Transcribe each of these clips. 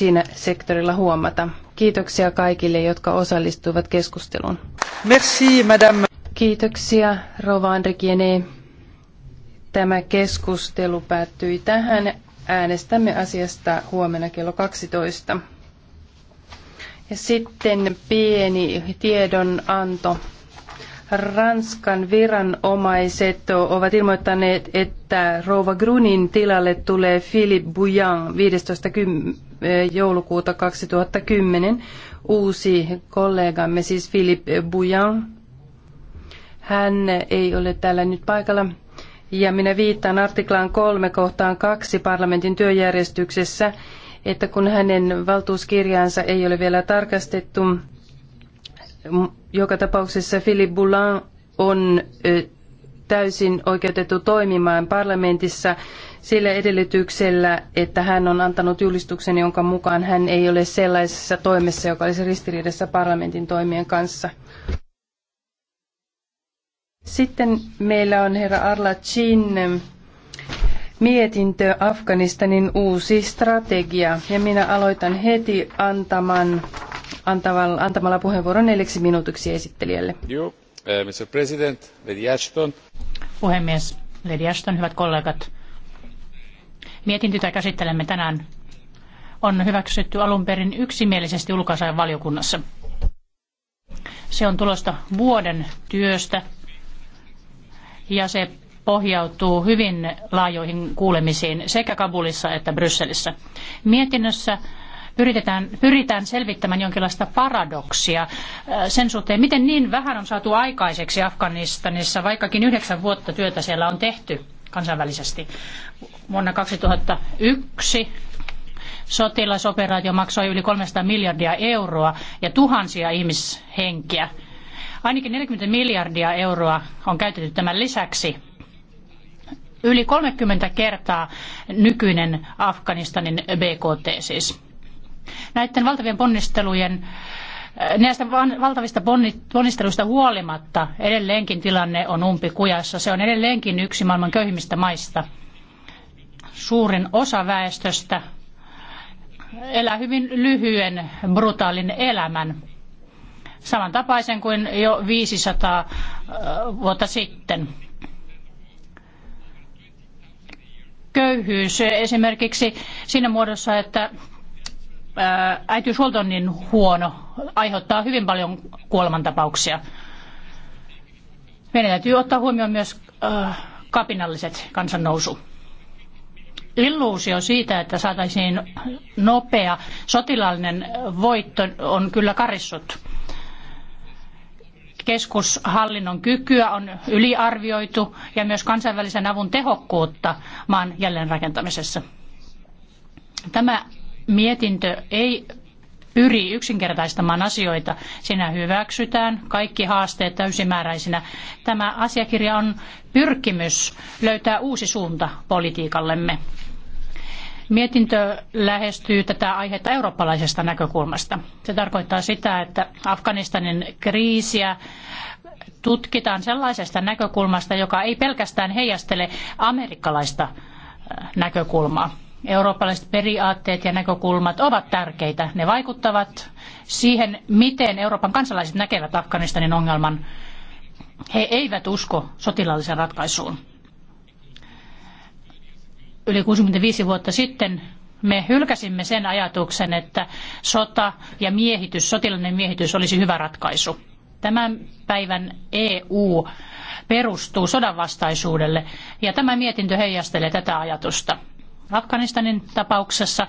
siinä sektorilla huomata. Kiitoksia kaikille, jotka osallistuivat keskusteluun. Merci, madame. Kiitoksia, Rova Andrikiene. Tämä keskustelu päättyi tähän. Äänestämme asiasta huomenna kello 12. Ja sitten pieni tiedonanto. Ranskan viranomaiset ovat ilmoittaneet, että rouva Grunin tilalle tulee Philippe Bouillon 15. .10 joulukuuta 2010 uusi kollegamme, siis Philippe Bouillon. Hän ei ole täällä nyt paikalla. Ja minä viittaan artiklaan kolme kohtaan kaksi parlamentin työjärjestyksessä, että kun hänen valtuuskirjaansa ei ole vielä tarkastettu, joka tapauksessa Philippe Boulan on täysin oikeutettu toimimaan parlamentissa sillä edellytyksellä, että hän on antanut julistuksen, jonka mukaan hän ei ole sellaisessa toimessa, joka olisi ristiriidassa parlamentin toimien kanssa. Sitten meillä on herra Arla Chin mietintö Afganistanin uusi strategia. Ja minä aloitan heti antaman, antavalla, antamalla puheenvuoron neljäksi minuutiksi esittelijälle. Joo, uh, Mr. President, Lady Ashton. Puhemies, Lady Ashton, hyvät kollegat. Mietintö, jota käsittelemme tänään, on hyväksytty alun perin yksimielisesti ulkoasain valiokunnassa. Se on tulosta vuoden työstä ja se pohjautuu hyvin laajoihin kuulemisiin sekä Kabulissa että Brysselissä. Mietinnössä pyritetään, pyritään selvittämään jonkinlaista paradoksia äh, sen suhteen, miten niin vähän on saatu aikaiseksi Afganistanissa, vaikkakin yhdeksän vuotta työtä siellä on tehty kansainvälisesti. Vuonna 2001 sotilasoperaatio maksoi yli 300 miljardia euroa ja tuhansia ihmishenkiä. Ainakin 40 miljardia euroa on käytetty tämän lisäksi. Yli 30 kertaa nykyinen Afganistanin BKT siis. Näiden valtavien ponnistelujen Äh, näistä valtavista ponnisteluista huolimatta edelleenkin tilanne on umpikujassa. Se on edelleenkin yksi maailman köyhimmistä maista. Suurin osa väestöstä elää hyvin lyhyen, brutaalin elämän. Samantapaisen kuin jo 500 äh, vuotta sitten. Köyhyys esimerkiksi siinä muodossa, että Äh, äitiyshuolto on niin huono, aiheuttaa hyvin paljon kuolemantapauksia. Meidän täytyy ottaa huomioon myös äh, kapinalliset kansannousu. Illuusio siitä, että saataisiin nopea sotilaallinen voitto, on kyllä karissut. Keskushallinnon kykyä on yliarvioitu ja myös kansainvälisen avun tehokkuutta maan jälleenrakentamisessa. Tämä mietintö ei pyri yksinkertaistamaan asioita. Siinä hyväksytään kaikki haasteet täysimääräisinä. Tämä asiakirja on pyrkimys löytää uusi suunta politiikallemme. Mietintö lähestyy tätä aihetta eurooppalaisesta näkökulmasta. Se tarkoittaa sitä, että Afganistanin kriisiä tutkitaan sellaisesta näkökulmasta, joka ei pelkästään heijastele amerikkalaista äh, näkökulmaa eurooppalaiset periaatteet ja näkökulmat ovat tärkeitä. Ne vaikuttavat siihen, miten Euroopan kansalaiset näkevät Afganistanin ongelman. He eivät usko sotilaalliseen ratkaisuun. Yli 65 vuotta sitten me hylkäsimme sen ajatuksen, että sota ja miehitys, sotilainen miehitys olisi hyvä ratkaisu. Tämän päivän EU perustuu sodanvastaisuudelle ja tämä mietintö heijastelee tätä ajatusta. Afganistanin tapauksessa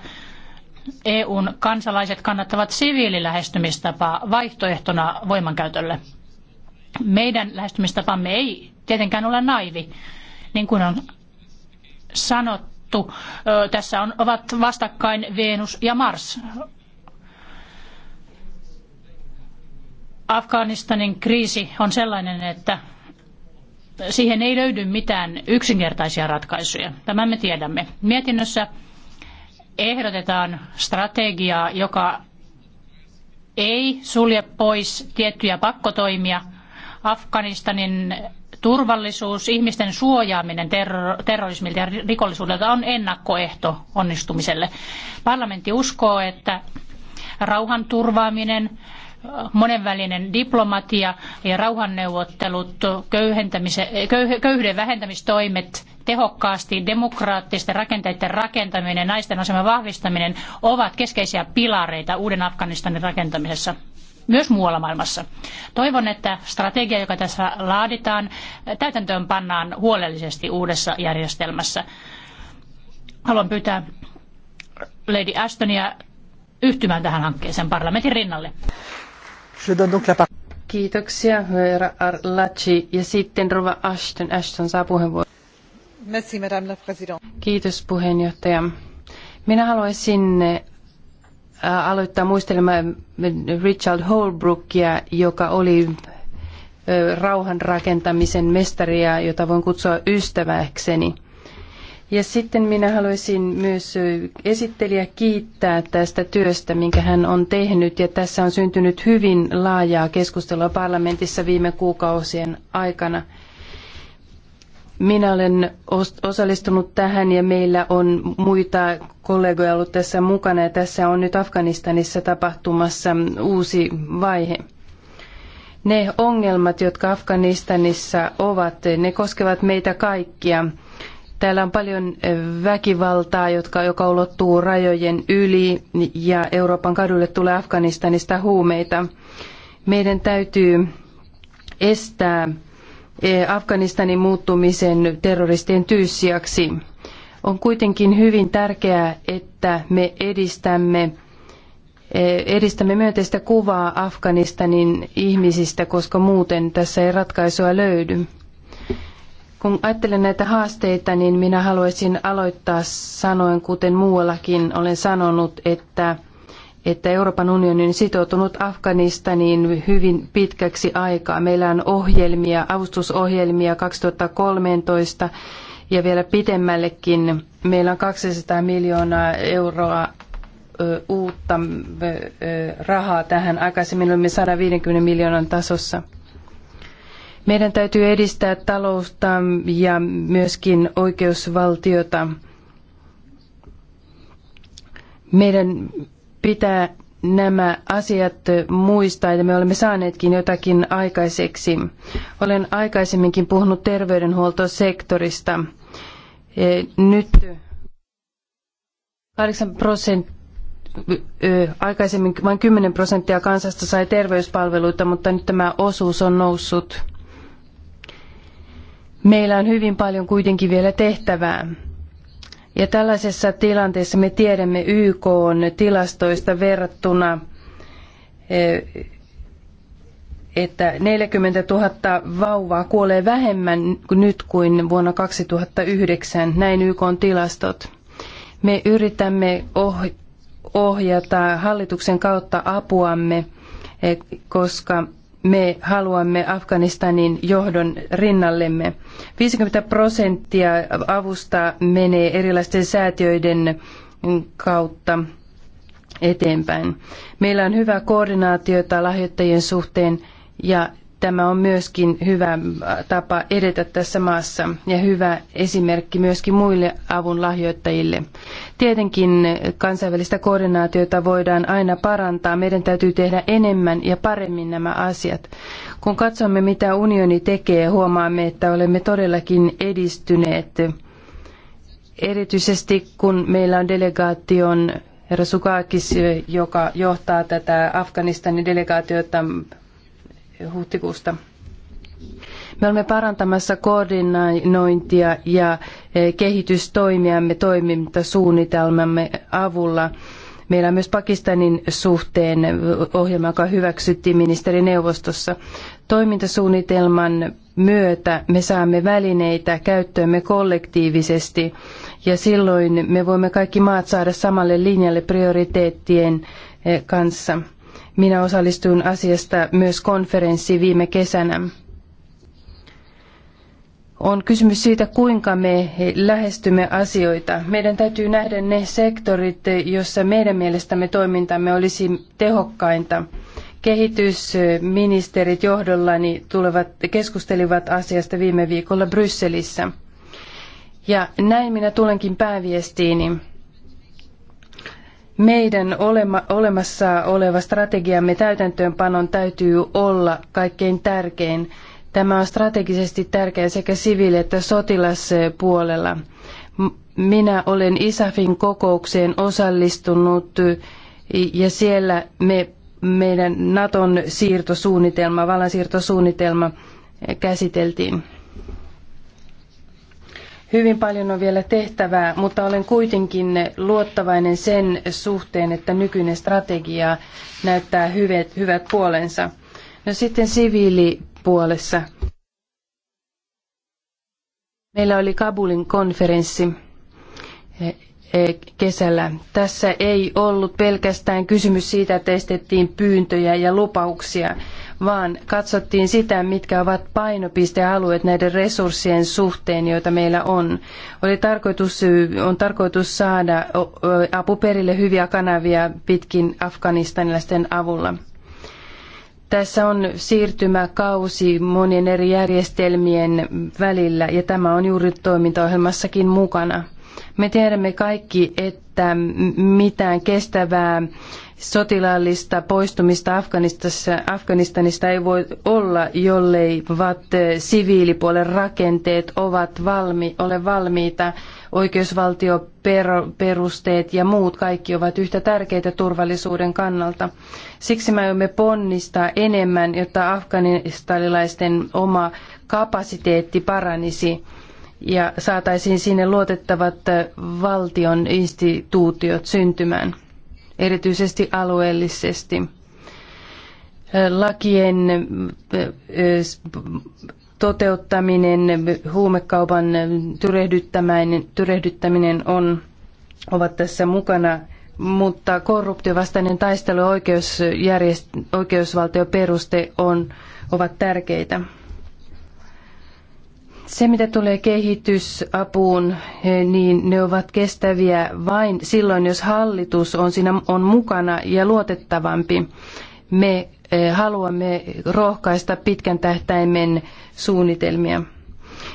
EUn kansalaiset kannattavat siviililähestymistapaa vaihtoehtona voimankäytölle. Meidän lähestymistapamme ei tietenkään ole naivi. Niin kuin on sanottu, tässä on, ovat vastakkain Venus ja Mars. Afganistanin kriisi on sellainen, että siihen ei löydy mitään yksinkertaisia ratkaisuja. Tämän me tiedämme. Mietinnössä ehdotetaan strategiaa, joka ei sulje pois tiettyjä pakkotoimia. Afganistanin turvallisuus, ihmisten suojaaminen terrorismilta ja rikollisuudelta on ennakkoehto onnistumiselle. Parlamentti uskoo, että rauhan turvaaminen, monenvälinen diplomatia ja rauhanneuvottelut, köyhyyden vähentämistoimet tehokkaasti, demokraattisten rakenteiden rakentaminen, naisten aseman vahvistaminen ovat keskeisiä pilareita uuden Afganistanin rakentamisessa myös muualla maailmassa. Toivon, että strategia, joka tässä laaditaan, täytäntöön pannaan huolellisesti uudessa järjestelmässä. Haluan pyytää Lady Ashtonia yhtymään tähän hankkeeseen parlamentin rinnalle. Je donne donc la parole. Kiitoksia, herra Arlaci. Ja sitten Rova Ashton. Ashton saa puheenvuoron. Merci, madame la présidente. Kiitos, puheenjohtaja. Minä haluaisin äh, aloittaa muistelemaan Richard Holbrookia, joka oli äh, rauhan rakentamisen mestaria, jota voin kutsua ystäväkseni. Ja sitten minä haluaisin myös esittelijä kiittää tästä työstä, minkä hän on tehnyt. Ja tässä on syntynyt hyvin laajaa keskustelua parlamentissa viime kuukausien aikana. Minä olen osallistunut tähän ja meillä on muita kollegoja ollut tässä mukana ja tässä on nyt Afganistanissa tapahtumassa uusi vaihe. Ne ongelmat, jotka Afganistanissa ovat, ne koskevat meitä kaikkia Täällä on paljon eh, väkivaltaa, jotka, joka ulottuu rajojen yli ja Euroopan kadulle tulee Afganistanista huumeita. Meidän täytyy estää eh, Afganistanin muuttumisen terroristien tyyssiaksi. On kuitenkin hyvin tärkeää, että me edistämme eh, edistämme myönteistä kuvaa Afganistanin ihmisistä, koska muuten tässä ei ratkaisua löydy. Kun ajattelen näitä haasteita, niin minä haluaisin aloittaa sanoen, kuten muuallakin olen sanonut, että, että Euroopan unioni on sitoutunut Afganistaniin hyvin pitkäksi aikaa. Meillä on ohjelmia, avustusohjelmia 2013 ja vielä pitemmällekin. Meillä on 200 miljoonaa euroa uutta rahaa tähän. Aikaisemmin olimme 150 miljoonan tasossa. Meidän täytyy edistää talousta ja myöskin oikeusvaltiota. Meidän pitää nämä asiat muistaa, ja me olemme saaneetkin jotakin aikaiseksi. Olen aikaisemminkin puhunut terveydenhuoltosektorista. E, nyt 8 prosenttia aikaisemmin vain 10 prosenttia kansasta sai terveyspalveluita, mutta nyt tämä osuus on noussut Meillä on hyvin paljon kuitenkin vielä tehtävää. Ja tällaisessa tilanteessa me tiedämme YK on tilastoista verrattuna, e, että 40 000 vauvaa kuolee vähemmän nyt kuin vuonna 2009, näin YK on tilastot. Me yritämme ohjata hallituksen kautta apuamme, e, koska me haluamme Afganistanin johdon rinnallemme. 50 prosenttia avusta menee erilaisten säätiöiden kautta eteenpäin. Meillä on hyvä koordinaatiota lahjoittajien suhteen ja Tämä on myöskin hyvä äh, tapa edetä tässä maassa ja hyvä esimerkki myöskin muille avun lahjoittajille. Tietenkin kansainvälistä koordinaatiota voidaan aina parantaa. Meidän täytyy tehdä enemmän ja paremmin nämä asiat. Kun katsomme, mitä unioni tekee, huomaamme, että olemme todellakin edistyneet. Erityisesti kun meillä on delegaation herra Sukakis, joka johtaa tätä Afganistanin delegaatiota huhtikuusta. Me olemme parantamassa koordinointia ja e, kehitystoimiamme toimintasuunnitelmamme avulla. Meillä on myös Pakistanin suhteen ohjelma, joka hyväksyttiin ministerineuvostossa. Toimintasuunnitelman myötä me saamme välineitä käyttöömme kollektiivisesti ja silloin me voimme kaikki maat saada samalle linjalle prioriteettien e, kanssa. Minä osallistuin asiasta myös konferenssiin viime kesänä. On kysymys siitä, kuinka me lähestymme asioita. Meidän täytyy nähdä ne sektorit, joissa meidän mielestämme toimintamme olisi tehokkainta kehitysministerit johdollani tulevat, keskustelivat asiasta viime viikolla Brysselissä. Ja näin minä tulenkin pääviestiini meidän olemassa oleva strategiamme täytäntöönpanon täytyy olla kaikkein tärkein. Tämä on strategisesti tärkeä sekä siviili- että sotilaspuolella. Minä olen ISAFin kokoukseen osallistunut ja siellä me, meidän Naton siirtosuunnitelma, vallansiirtosuunnitelma käsiteltiin. Hyvin paljon on vielä tehtävää, mutta olen kuitenkin luottavainen sen suhteen, että nykyinen strategia näyttää hyvät, hyvät puolensa. No sitten siviilipuolessa. Meillä oli Kabulin konferenssi eh, eh, kesällä. Tässä ei ollut pelkästään kysymys siitä, että estettiin pyyntöjä ja lupauksia vaan katsottiin sitä, mitkä ovat painopistealueet näiden resurssien suhteen, joita meillä on. Oli tarkoitus, on tarkoitus saada apuperille hyviä kanavia pitkin afganistanilaisten avulla. Tässä on siirtymäkausi monien eri järjestelmien välillä ja tämä on juuri toimintaohjelmassakin mukana. Me tiedämme kaikki, että mitään kestävää sotilaallista poistumista Afganistanista, ei voi olla, jollei vat siviilipuolen rakenteet ovat valmi, ole valmiita oikeusvaltioperusteet ja muut kaikki ovat yhtä tärkeitä turvallisuuden kannalta. Siksi me aiomme ponnistaa enemmän, jotta afganistanilaisten oma kapasiteetti paranisi ja saataisiin sinne luotettavat valtion instituutiot syntymään, erityisesti alueellisesti lakien toteuttaminen, huumekaupan tyrehdyttäminen, tyrehdyttäminen on, ovat tässä mukana, mutta korruptiovastainen taistelu ja oikeusvaltioperuste on, ovat tärkeitä. Se, mitä tulee kehitysapuun, eh, niin ne ovat kestäviä vain silloin, jos hallitus on siinä on mukana ja luotettavampi. Me Eh, haluamme rohkaista pitkän tähtäimen suunnitelmia.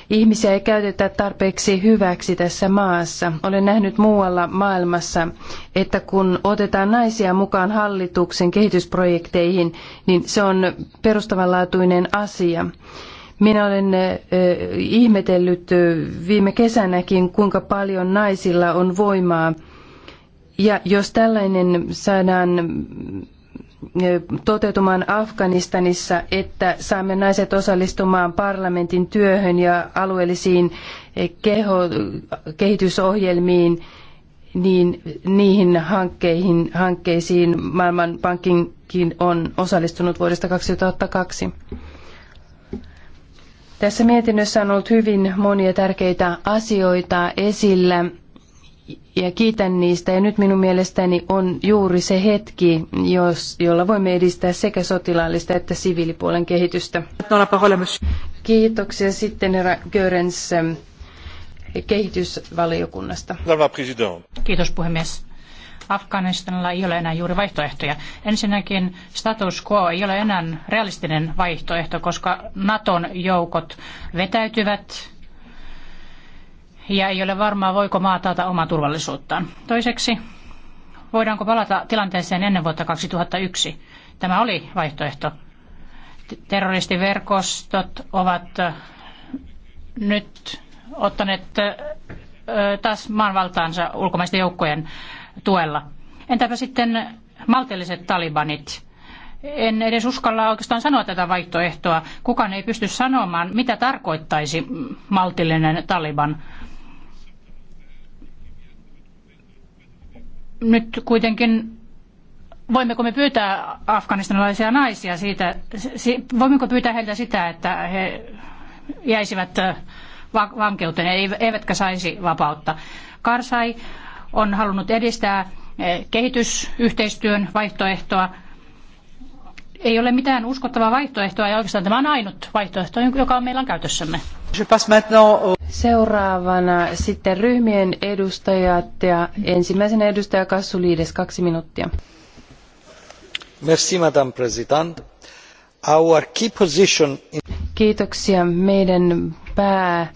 Ihmisiä ei käytetä tarpeeksi hyväksi tässä maassa. Olen nähnyt muualla maailmassa, että kun otetaan naisia mukaan hallituksen kehitysprojekteihin, niin se on perustavanlaatuinen asia. Minä olen eh, ihmetellyt eh, viime kesänäkin, kuinka paljon naisilla on voimaa. Ja jos tällainen saadaan toteutumaan Afganistanissa, että saamme naiset osallistumaan parlamentin työhön ja alueellisiin keho, kehitysohjelmiin, niin niihin hankkeihin, hankkeisiin Maailmanpankinkin on osallistunut vuodesta 2002. Tässä mietinnössä on ollut hyvin monia tärkeitä asioita esillä ja kiitän niistä. Ja nyt minun mielestäni on juuri se hetki, jos, jolla voimme edistää sekä sotilaallista että siviilipuolen kehitystä. Kiitoksia sitten herra Görens ähm, kehitysvaliokunnasta. Kiitos puhemies. Afganistanilla ei ole enää juuri vaihtoehtoja. Ensinnäkin status quo ei ole enää realistinen vaihtoehto, koska Naton joukot vetäytyvät ja ei ole varmaa, voiko maa taata omaa turvallisuuttaan. Toiseksi, voidaanko palata tilanteeseen ennen vuotta 2001? Tämä oli vaihtoehto. Terroristiverkostot ovat nyt ottaneet taas maanvaltaansa ulkomaisten joukkojen tuella. Entäpä sitten maltilliset talibanit? En edes uskalla oikeastaan sanoa tätä vaihtoehtoa. Kukaan ei pysty sanomaan, mitä tarkoittaisi maltillinen taliban. nyt kuitenkin voimmeko me pyytää afganistanilaisia naisia siitä, voimmeko pyytää heiltä sitä, että he jäisivät vankeuteen, eivätkä saisi vapautta. Karsai on halunnut edistää kehitysyhteistyön vaihtoehtoa ei ole mitään uskottavaa vaihtoehtoa ja oikeastaan tämä on ainut vaihtoehto, joka on meillä on käytössämme. Seuraavana sitten ryhmien edustajat ja ensimmäisenä edustaja Liides, kaksi minuuttia. Merci, Madame President. Our key position in... Kiitoksia. Meidän pää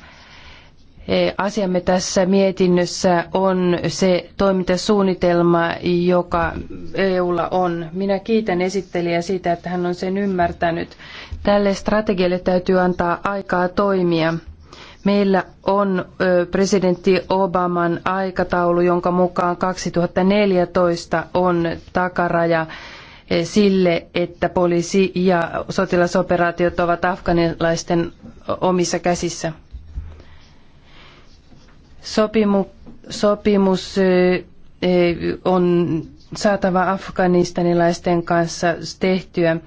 asiamme tässä mietinnössä on se toimintasuunnitelma, joka EUlla on. Minä kiitän esittelijää siitä, että hän on sen ymmärtänyt. Tälle strategialle täytyy antaa aikaa toimia. Meillä on presidentti Obaman aikataulu, jonka mukaan 2014 on takaraja sille, että poliisi- ja sotilasoperaatiot ovat afganilaisten omissa käsissä. Sopimu, sopimus on saatava afganistanilaisten kanssa tehtyä.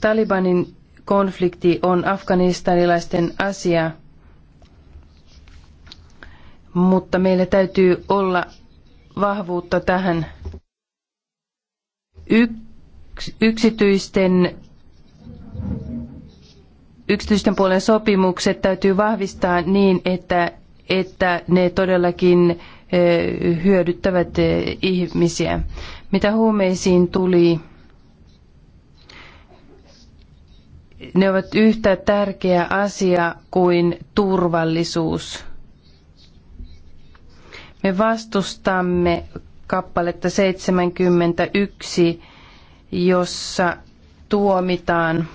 Talibanin konflikti on afganistanilaisten asia, mutta meillä täytyy olla vahvuutta tähän yksityisten, yksityisten puolen sopimukset täytyy vahvistaa niin, että että ne todellakin eh, hyödyttävät eh, ihmisiä. Mitä huumeisiin tuli, ne ovat yhtä tärkeä asia kuin turvallisuus. Me vastustamme kappaletta 71, jossa tuomitaan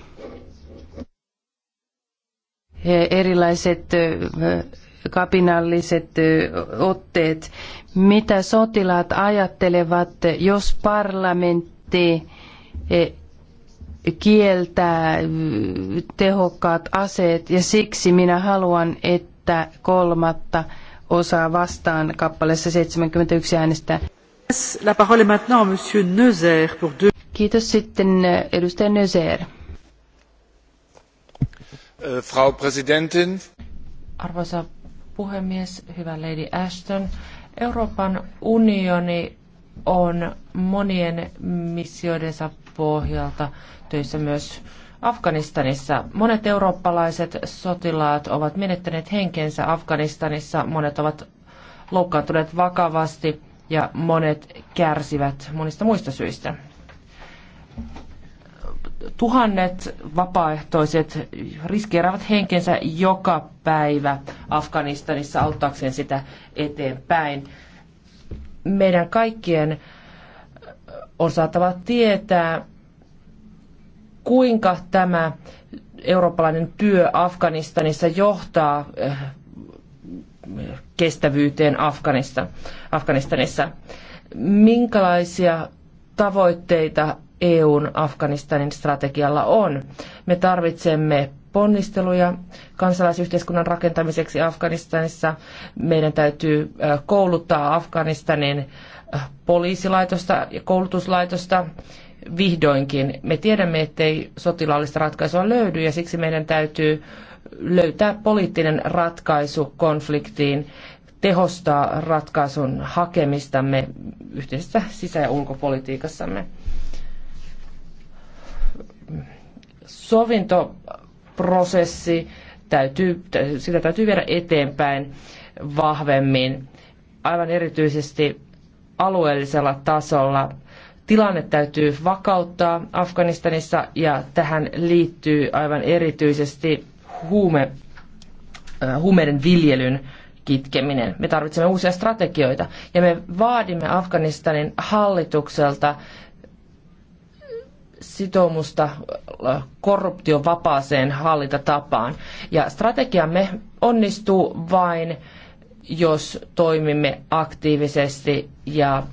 eh, erilaiset kapinalliset otteet. Mitä sotilaat ajattelevat, jos parlamentti kieltää tehokkaat aseet ja siksi minä haluan, että kolmatta osaa vastaan kappaleessa 71 äänestä. La parole maintenant monsieur Neuser pour deux... Kiitos sitten edustaja Neuser. Äh, Frau Präsidentin. Arvoisa puhemies, hyvä Lady Ashton. Euroopan unioni on monien missioidensa pohjalta töissä myös Afganistanissa. Monet eurooppalaiset sotilaat ovat menettäneet henkensä Afganistanissa, monet ovat loukkaantuneet vakavasti ja monet kärsivät monista muista syistä tuhannet vapaaehtoiset riskeeraavat henkensä joka päivä Afganistanissa auttaakseen sitä eteenpäin. Meidän kaikkien on saatava tietää, kuinka tämä eurooppalainen työ Afganistanissa johtaa eh, kestävyyteen Afganistanissa. Minkälaisia tavoitteita EUn Afganistanin strategialla on. Me tarvitsemme ponnisteluja kansalaisyhteiskunnan rakentamiseksi Afganistanissa. Meidän täytyy kouluttaa Afganistanin poliisilaitosta ja koulutuslaitosta vihdoinkin. Me tiedämme, ettei sotilaallista ratkaisua löydy ja siksi meidän täytyy löytää poliittinen ratkaisu konfliktiin, tehostaa ratkaisun hakemistamme yhteisessä sisä- ja ulkopolitiikassamme. sovintoprosessi, täytyy, sitä täytyy viedä eteenpäin vahvemmin, aivan erityisesti alueellisella tasolla. Tilanne täytyy vakauttaa Afganistanissa ja tähän liittyy aivan erityisesti huume, äh, huumeiden viljelyn kitkeminen. Me tarvitsemme uusia strategioita ja me vaadimme Afganistanin hallitukselta sitoumusta korruption vapaaseen hallintatapaan. Ja strategiamme onnistuu vain, jos toimimme aktiivisesti ja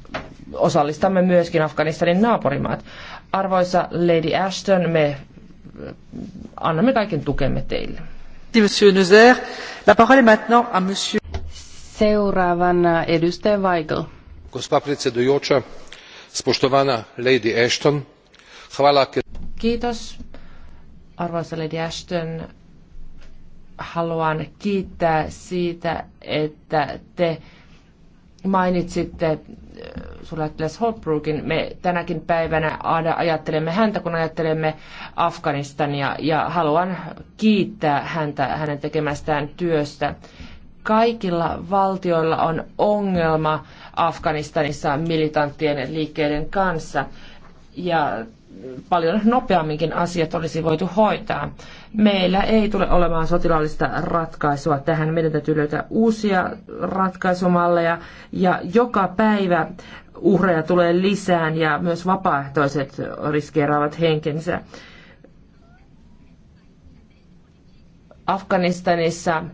osallistamme myöskin Afganistanin naapurimaat. Arvoisa Lady Ashton, me annamme kaiken tukemme teille. Seuraavana edustaja Weigel. Gospa predsedujoča, spoštovana Lady Ashton, Kiitos. Arvoisa Lady Ashton, haluan kiittää siitä, että te mainitsitte äh, suurlähettiläs Holbrookin. Me tänäkin päivänä ajattelemme häntä, kun ajattelemme Afganistania, ja haluan kiittää häntä hänen tekemästään työstä. Kaikilla valtioilla on ongelma Afganistanissa militanttien liikkeiden kanssa. Ja paljon nopeamminkin asiat olisi voitu hoitaa. Meillä ei tule olemaan sotilaallista ratkaisua tähän. Meidän täytyy löytää uusia ratkaisumalleja ja joka päivä uhreja tulee lisään ja myös vapaaehtoiset riskeeraavat henkensä. Afganistanissa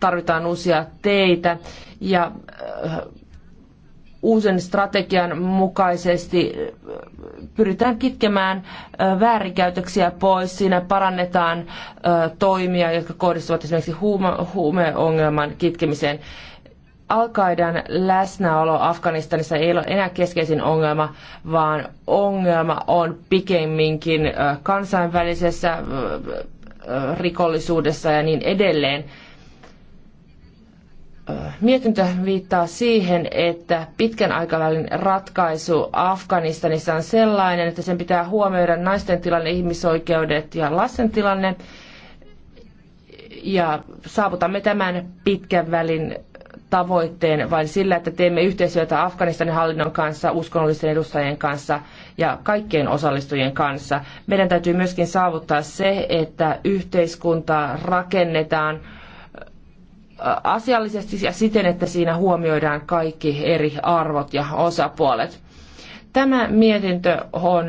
tarvitaan uusia teitä ja uuden strategian mukaisesti pyritään kitkemään väärinkäytöksiä pois. Siinä parannetaan toimia, jotka kohdistuvat esimerkiksi huumeongelman kitkemiseen. Al-Qaidan läsnäolo Afganistanissa ei ole enää keskeisin ongelma, vaan ongelma on pikemminkin kansainvälisessä rikollisuudessa ja niin edelleen. Mietintö viittaa siihen, että pitkän aikavälin ratkaisu Afganistanissa on sellainen, että sen pitää huomioida naisten tilanne, ihmisoikeudet ja lasten tilanne. Ja saavutamme tämän pitkän välin tavoitteen vain sillä, että teemme yhteistyötä Afganistanin hallinnon kanssa, uskonnollisten edustajien kanssa ja kaikkien osallistujien kanssa. Meidän täytyy myöskin saavuttaa se, että yhteiskuntaa rakennetaan – asiallisesti ja siten, että siinä huomioidaan kaikki eri arvot ja osapuolet. Tämä mietintö on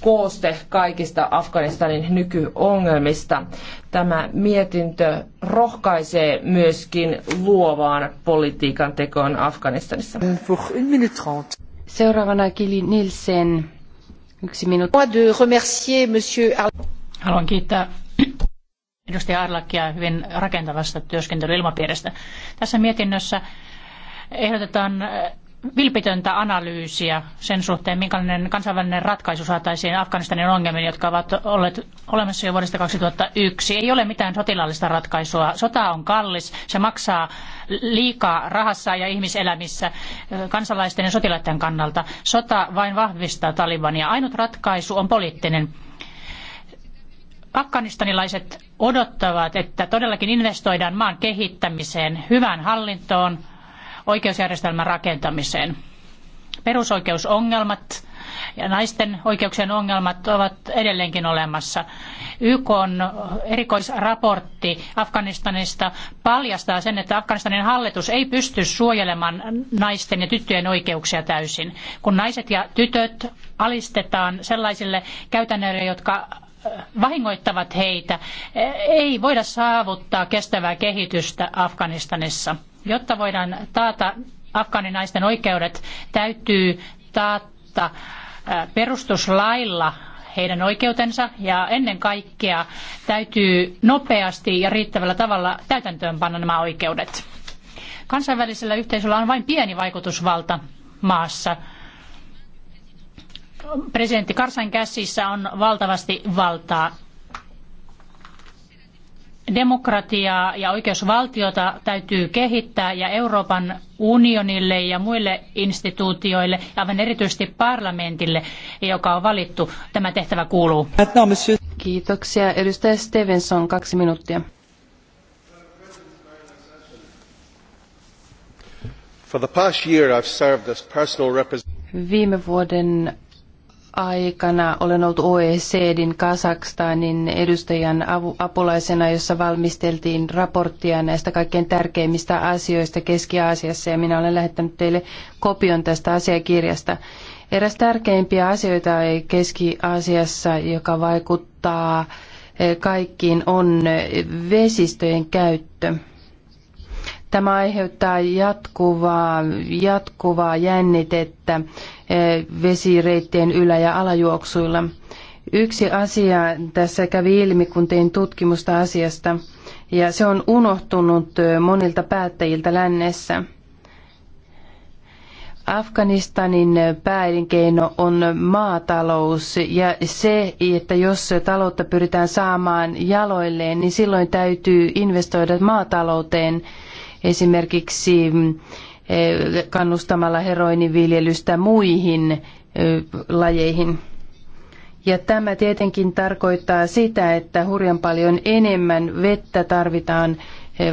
kooste kaikista Afganistanin nykyongelmista. Tämä mietintö rohkaisee myöskin luovaan politiikan tekoon Afganistanissa. Seuraavana Kili Nielsen. Yksi minuutti. Haluan kiittää edustaja Arlakia hyvin rakentavasta työskentelyilmapiiristä. Tässä mietinnössä ehdotetaan äh, vilpitöntä analyysiä sen suhteen, minkälainen kansainvälinen ratkaisu saataisiin Afganistanin ongelmiin, jotka ovat olleet olemassa jo vuodesta 2001. Ei ole mitään sotilaallista ratkaisua. Sota on kallis, se maksaa liikaa rahassa ja ihmiselämissä äh, kansalaisten ja sotilaiden kannalta. Sota vain vahvistaa Talibania. Ainut ratkaisu on poliittinen. Afganistanilaiset odottavat, että todellakin investoidaan maan kehittämiseen, hyvään hallintoon, oikeusjärjestelmän rakentamiseen. Perusoikeusongelmat ja naisten oikeuksien ongelmat ovat edelleenkin olemassa. YK on erikoisraportti Afganistanista paljastaa sen, että Afganistanin hallitus ei pysty suojelemaan naisten ja tyttöjen oikeuksia täysin. Kun naiset ja tytöt alistetaan sellaisille käytännöille, jotka vahingoittavat heitä, ei voida saavuttaa kestävää kehitystä Afganistanissa. Jotta voidaan taata afgaaninaisten oikeudet, täytyy taata perustuslailla heidän oikeutensa ja ennen kaikkea täytyy nopeasti ja riittävällä tavalla täytäntöönpanna nämä oikeudet. Kansainvälisellä yhteisöllä on vain pieni vaikutusvalta maassa presidentti Karsain käsissä on valtavasti valtaa. Demokratiaa ja oikeusvaltiota täytyy kehittää ja Euroopan unionille ja muille instituutioille, aivan erityisesti parlamentille, joka on valittu, tämä tehtävä kuuluu. Kiitoksia. Edustaja Stevenson, kaksi minuuttia. For the past year I've served as personal representative. Viime vuoden aikana olen ollut OECDin Kasakstanin edustajan apulaisena, jossa valmisteltiin raporttia näistä kaikkein tärkeimmistä asioista Keski-Aasiassa ja minä olen lähettänyt teille kopion tästä asiakirjasta. Eräs tärkeimpiä asioita Keski-Aasiassa, joka vaikuttaa eh, kaikkiin, on vesistöjen käyttö. Tämä aiheuttaa jatkuvaa, jatkuvaa jännitettä eh, vesireittien ylä- ja alajuoksuilla. Yksi asia tässä kävi ilmi, kun tein tutkimusta asiasta, ja se on unohtunut eh, monilta päättäjiltä lännessä. Afganistanin eh, pääelinkeino on maatalous ja se, että jos taloutta pyritään saamaan jaloilleen, niin silloin täytyy investoida maatalouteen – esimerkiksi mm, eh, kannustamalla heroiniviljelystä muihin eh, lajeihin. Ja tämä tietenkin tarkoittaa sitä, että hurjan paljon enemmän vettä tarvitaan, eh,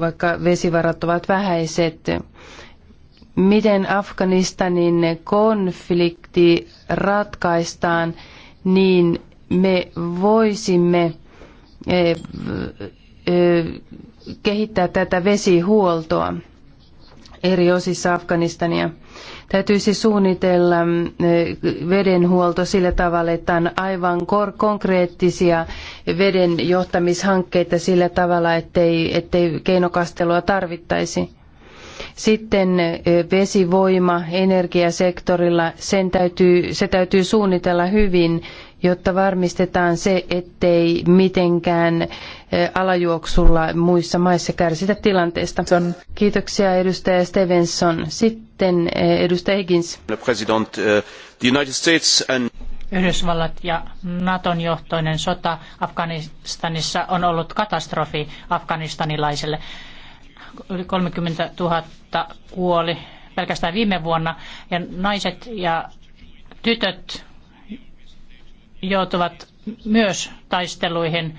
vaikka vesivarat ovat vähäiset. Miten Afganistanin konflikti ratkaistaan, niin me voisimme kehittää tätä vesihuoltoa eri osissa Afganistania. Täytyisi suunnitella mm, eh, vedenhuolto sillä tavalla, että on aivan konkreettisia vedenjohtamishankkeita sillä tavalla, ettei, ettei keinokastelua tarvittaisi. Sitten eh, vesivoima energiasektorilla, sen täytyy, se täytyy suunnitella hyvin jotta varmistetaan se, ettei mitenkään alajuoksulla muissa maissa kärsitä tilanteesta. Kiitoksia edustaja Stevenson. Sitten edustaja Higgins. Äh, Yhdysvallat ja Naton johtoinen sota Afganistanissa on ollut katastrofi afganistanilaisille. Yli 30 000 kuoli pelkästään viime vuonna ja naiset ja tytöt joutuvat myös taisteluihin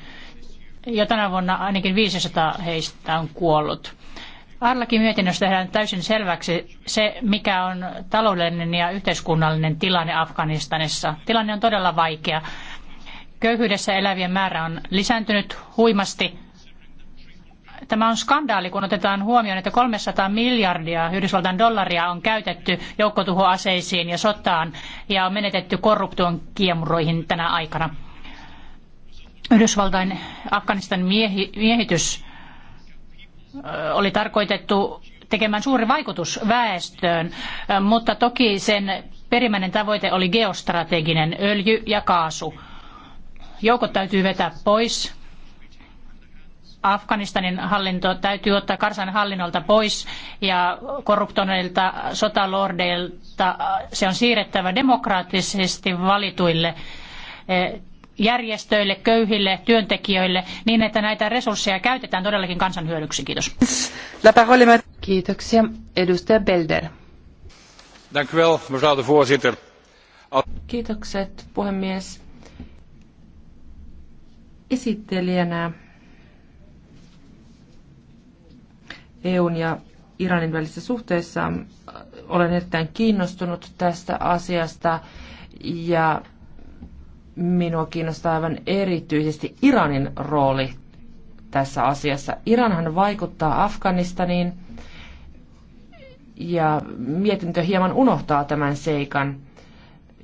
ja tänä vuonna ainakin 500 heistä on kuollut. Arlakin mietinnössä tehdään täysin selväksi se, mikä on taloudellinen ja yhteiskunnallinen tilanne Afganistanissa. Tilanne on todella vaikea. Köyhyydessä elävien määrä on lisääntynyt huimasti Tämä on skandaali, kun otetaan huomioon, että 300 miljardia Yhdysvaltain dollaria on käytetty joukkotuhoaseisiin ja sotaan ja on menetetty korruption kiemuroihin tänä aikana. Yhdysvaltain Afganistan miehi, miehitys oli tarkoitettu tekemään suuri vaikutus väestöön, mutta toki sen perimmäinen tavoite oli geostrateginen öljy ja kaasu. Joukot täytyy vetää pois Afganistanin hallinto täytyy ottaa Karsan hallinnolta pois ja korruptoneilta sotalordeilta se on siirrettävä demokraattisesti valituille eh, järjestöille, köyhille, työntekijöille, niin että näitä resursseja käytetään todellakin kansan hyödyksi. Kiitos. Kiitoksia. Edustaja Belder. Kiitokset, puhemies. Esittelijänä EUn ja Iranin välisissä suhteissa. Olen erittäin kiinnostunut tästä asiasta ja minua kiinnostaa aivan erityisesti Iranin rooli tässä asiassa. Iranhan vaikuttaa Afganistaniin ja mietintö hieman unohtaa tämän seikan.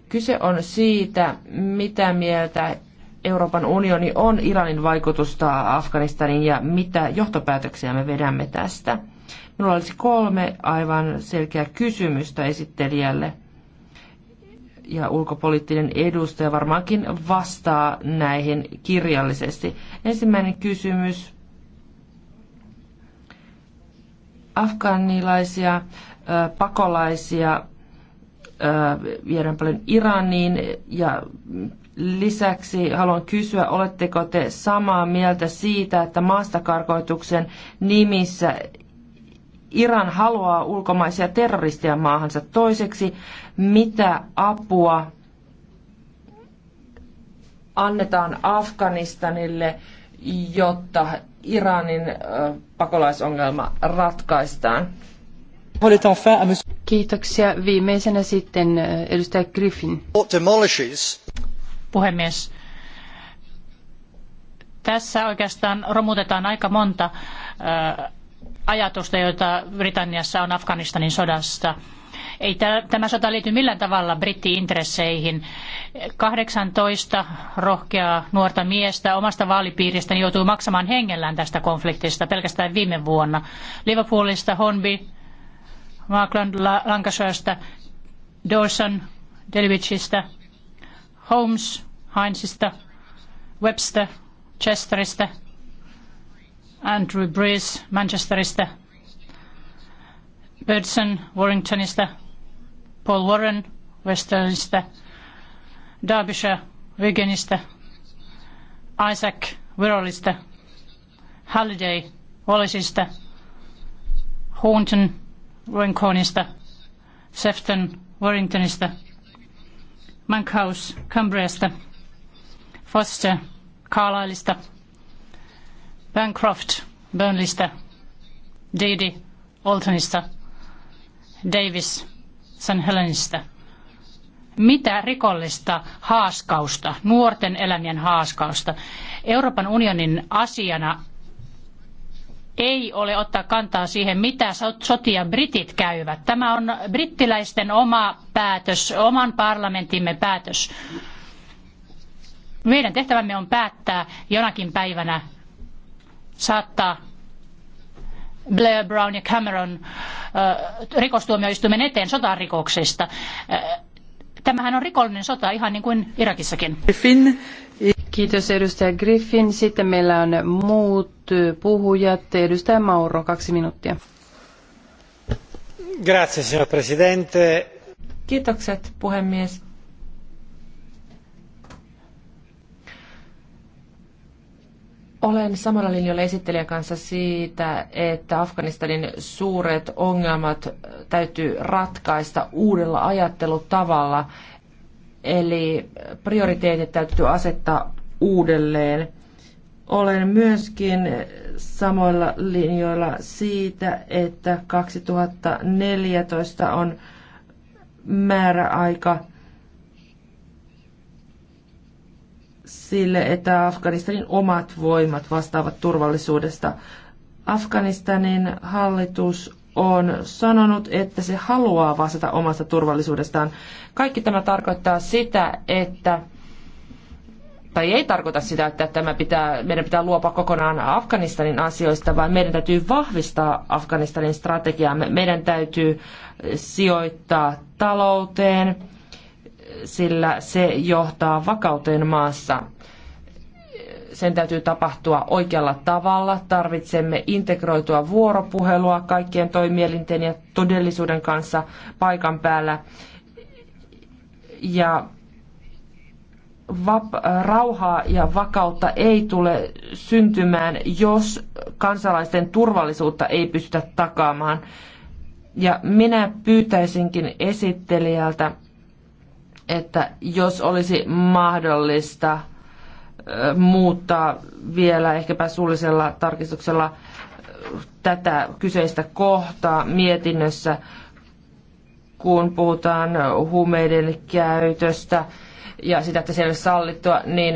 Kyse on siitä, mitä mieltä Euroopan unioni on Iranin vaikutusta Afganistaniin ja mitä johtopäätöksiä me vedämme tästä. Minulla olisi kolme aivan selkeää kysymystä esittelijälle ja ulkopoliittinen edustaja varmaankin vastaa näihin kirjallisesti. Ensimmäinen kysymys. Afganilaisia pakolaisia viedään paljon Iraniin ja Lisäksi haluan kysyä, oletteko te samaa mieltä siitä, että maastakarkoituksen nimissä Iran haluaa ulkomaisia terroristeja maahansa. Toiseksi, mitä apua annetaan Afganistanille, jotta Iranin pakolaisongelma ratkaistaan? Kiitoksia. Viimeisenä sitten edustaja Griffin puhemies. Tässä oikeastaan romutetaan aika monta ajatusta, joita Britanniassa on Afganistanin sodasta. Ei tämä sota liity millään tavalla britti-intresseihin. 18 rohkeaa nuorta miestä omasta vaalipiiristäni joutui maksamaan hengellään tästä konfliktista pelkästään viime vuonna. Liverpoolista, Hornby, Markland, Lancashiresta, Dawson, Delwichistä, Holmes Heinzista, Webster Chesteristä, Andrew Breeze, Manchesterista, Birdson Warringtonista, Paul Warren Westernista, Derbyshire Wiganista, Isaac Wirralista, Halliday Wallisista, Haunton Rinconista, Sefton Warringtonista – Mankhaus Cumbriasta, Foster Carlisleista, Bancroft Burnleystä, Didi, Altonista, Davis San Helenista. Mitä rikollista haaskausta, nuorten elämien haaskausta, Euroopan unionin asiana ei ole ottaa kantaa siihen, mitä sotia britit käyvät. Tämä on brittiläisten oma päätös, oman parlamentimme päätös. Meidän tehtävämme on päättää jonakin päivänä saattaa Blair, Brown ja Cameron rikostuomioistuimen eteen sotarikoksista. Tämähän on rikollinen sota, ihan niin kuin Irakissakin. Finn. Kiitos edustaja Griffin. Sitten meillä on muut puhujat. Edustaja Mauro, kaksi minuuttia. Grazie, signor Presidente. Kiitokset, puhemies. Olen samalla linjalla esittelijän kanssa siitä, että Afganistanin suuret ongelmat täytyy ratkaista uudella ajattelutavalla, Eli prioriteetit täytyy asettaa uudelleen. Olen myöskin samoilla linjoilla siitä, että 2014 on määräaika sille, että Afganistanin omat voimat vastaavat turvallisuudesta. Afganistanin hallitus on sanonut, että se haluaa vastata omasta turvallisuudestaan. Kaikki tämä tarkoittaa sitä, että tai ei tarkoita sitä, että tämä pitää, meidän pitää luopua kokonaan Afganistanin asioista, vaan meidän täytyy vahvistaa Afganistanin strategiaa. Meidän täytyy sijoittaa talouteen, sillä se johtaa vakauteen maassa sen täytyy tapahtua oikealla tavalla. Tarvitsemme integroitua vuoropuhelua kaikkien toimielinten ja todellisuuden kanssa paikan päällä. Ja rauhaa ja vakautta ei tule syntymään, jos kansalaisten turvallisuutta ei pystytä takaamaan. Ja minä pyytäisinkin esittelijältä, että jos olisi mahdollista muuttaa vielä ehkäpä suullisella tarkistuksella tätä kyseistä kohtaa mietinnössä, kun puhutaan huumeiden käytöstä ja sitä, että se ei ole sallittua, niin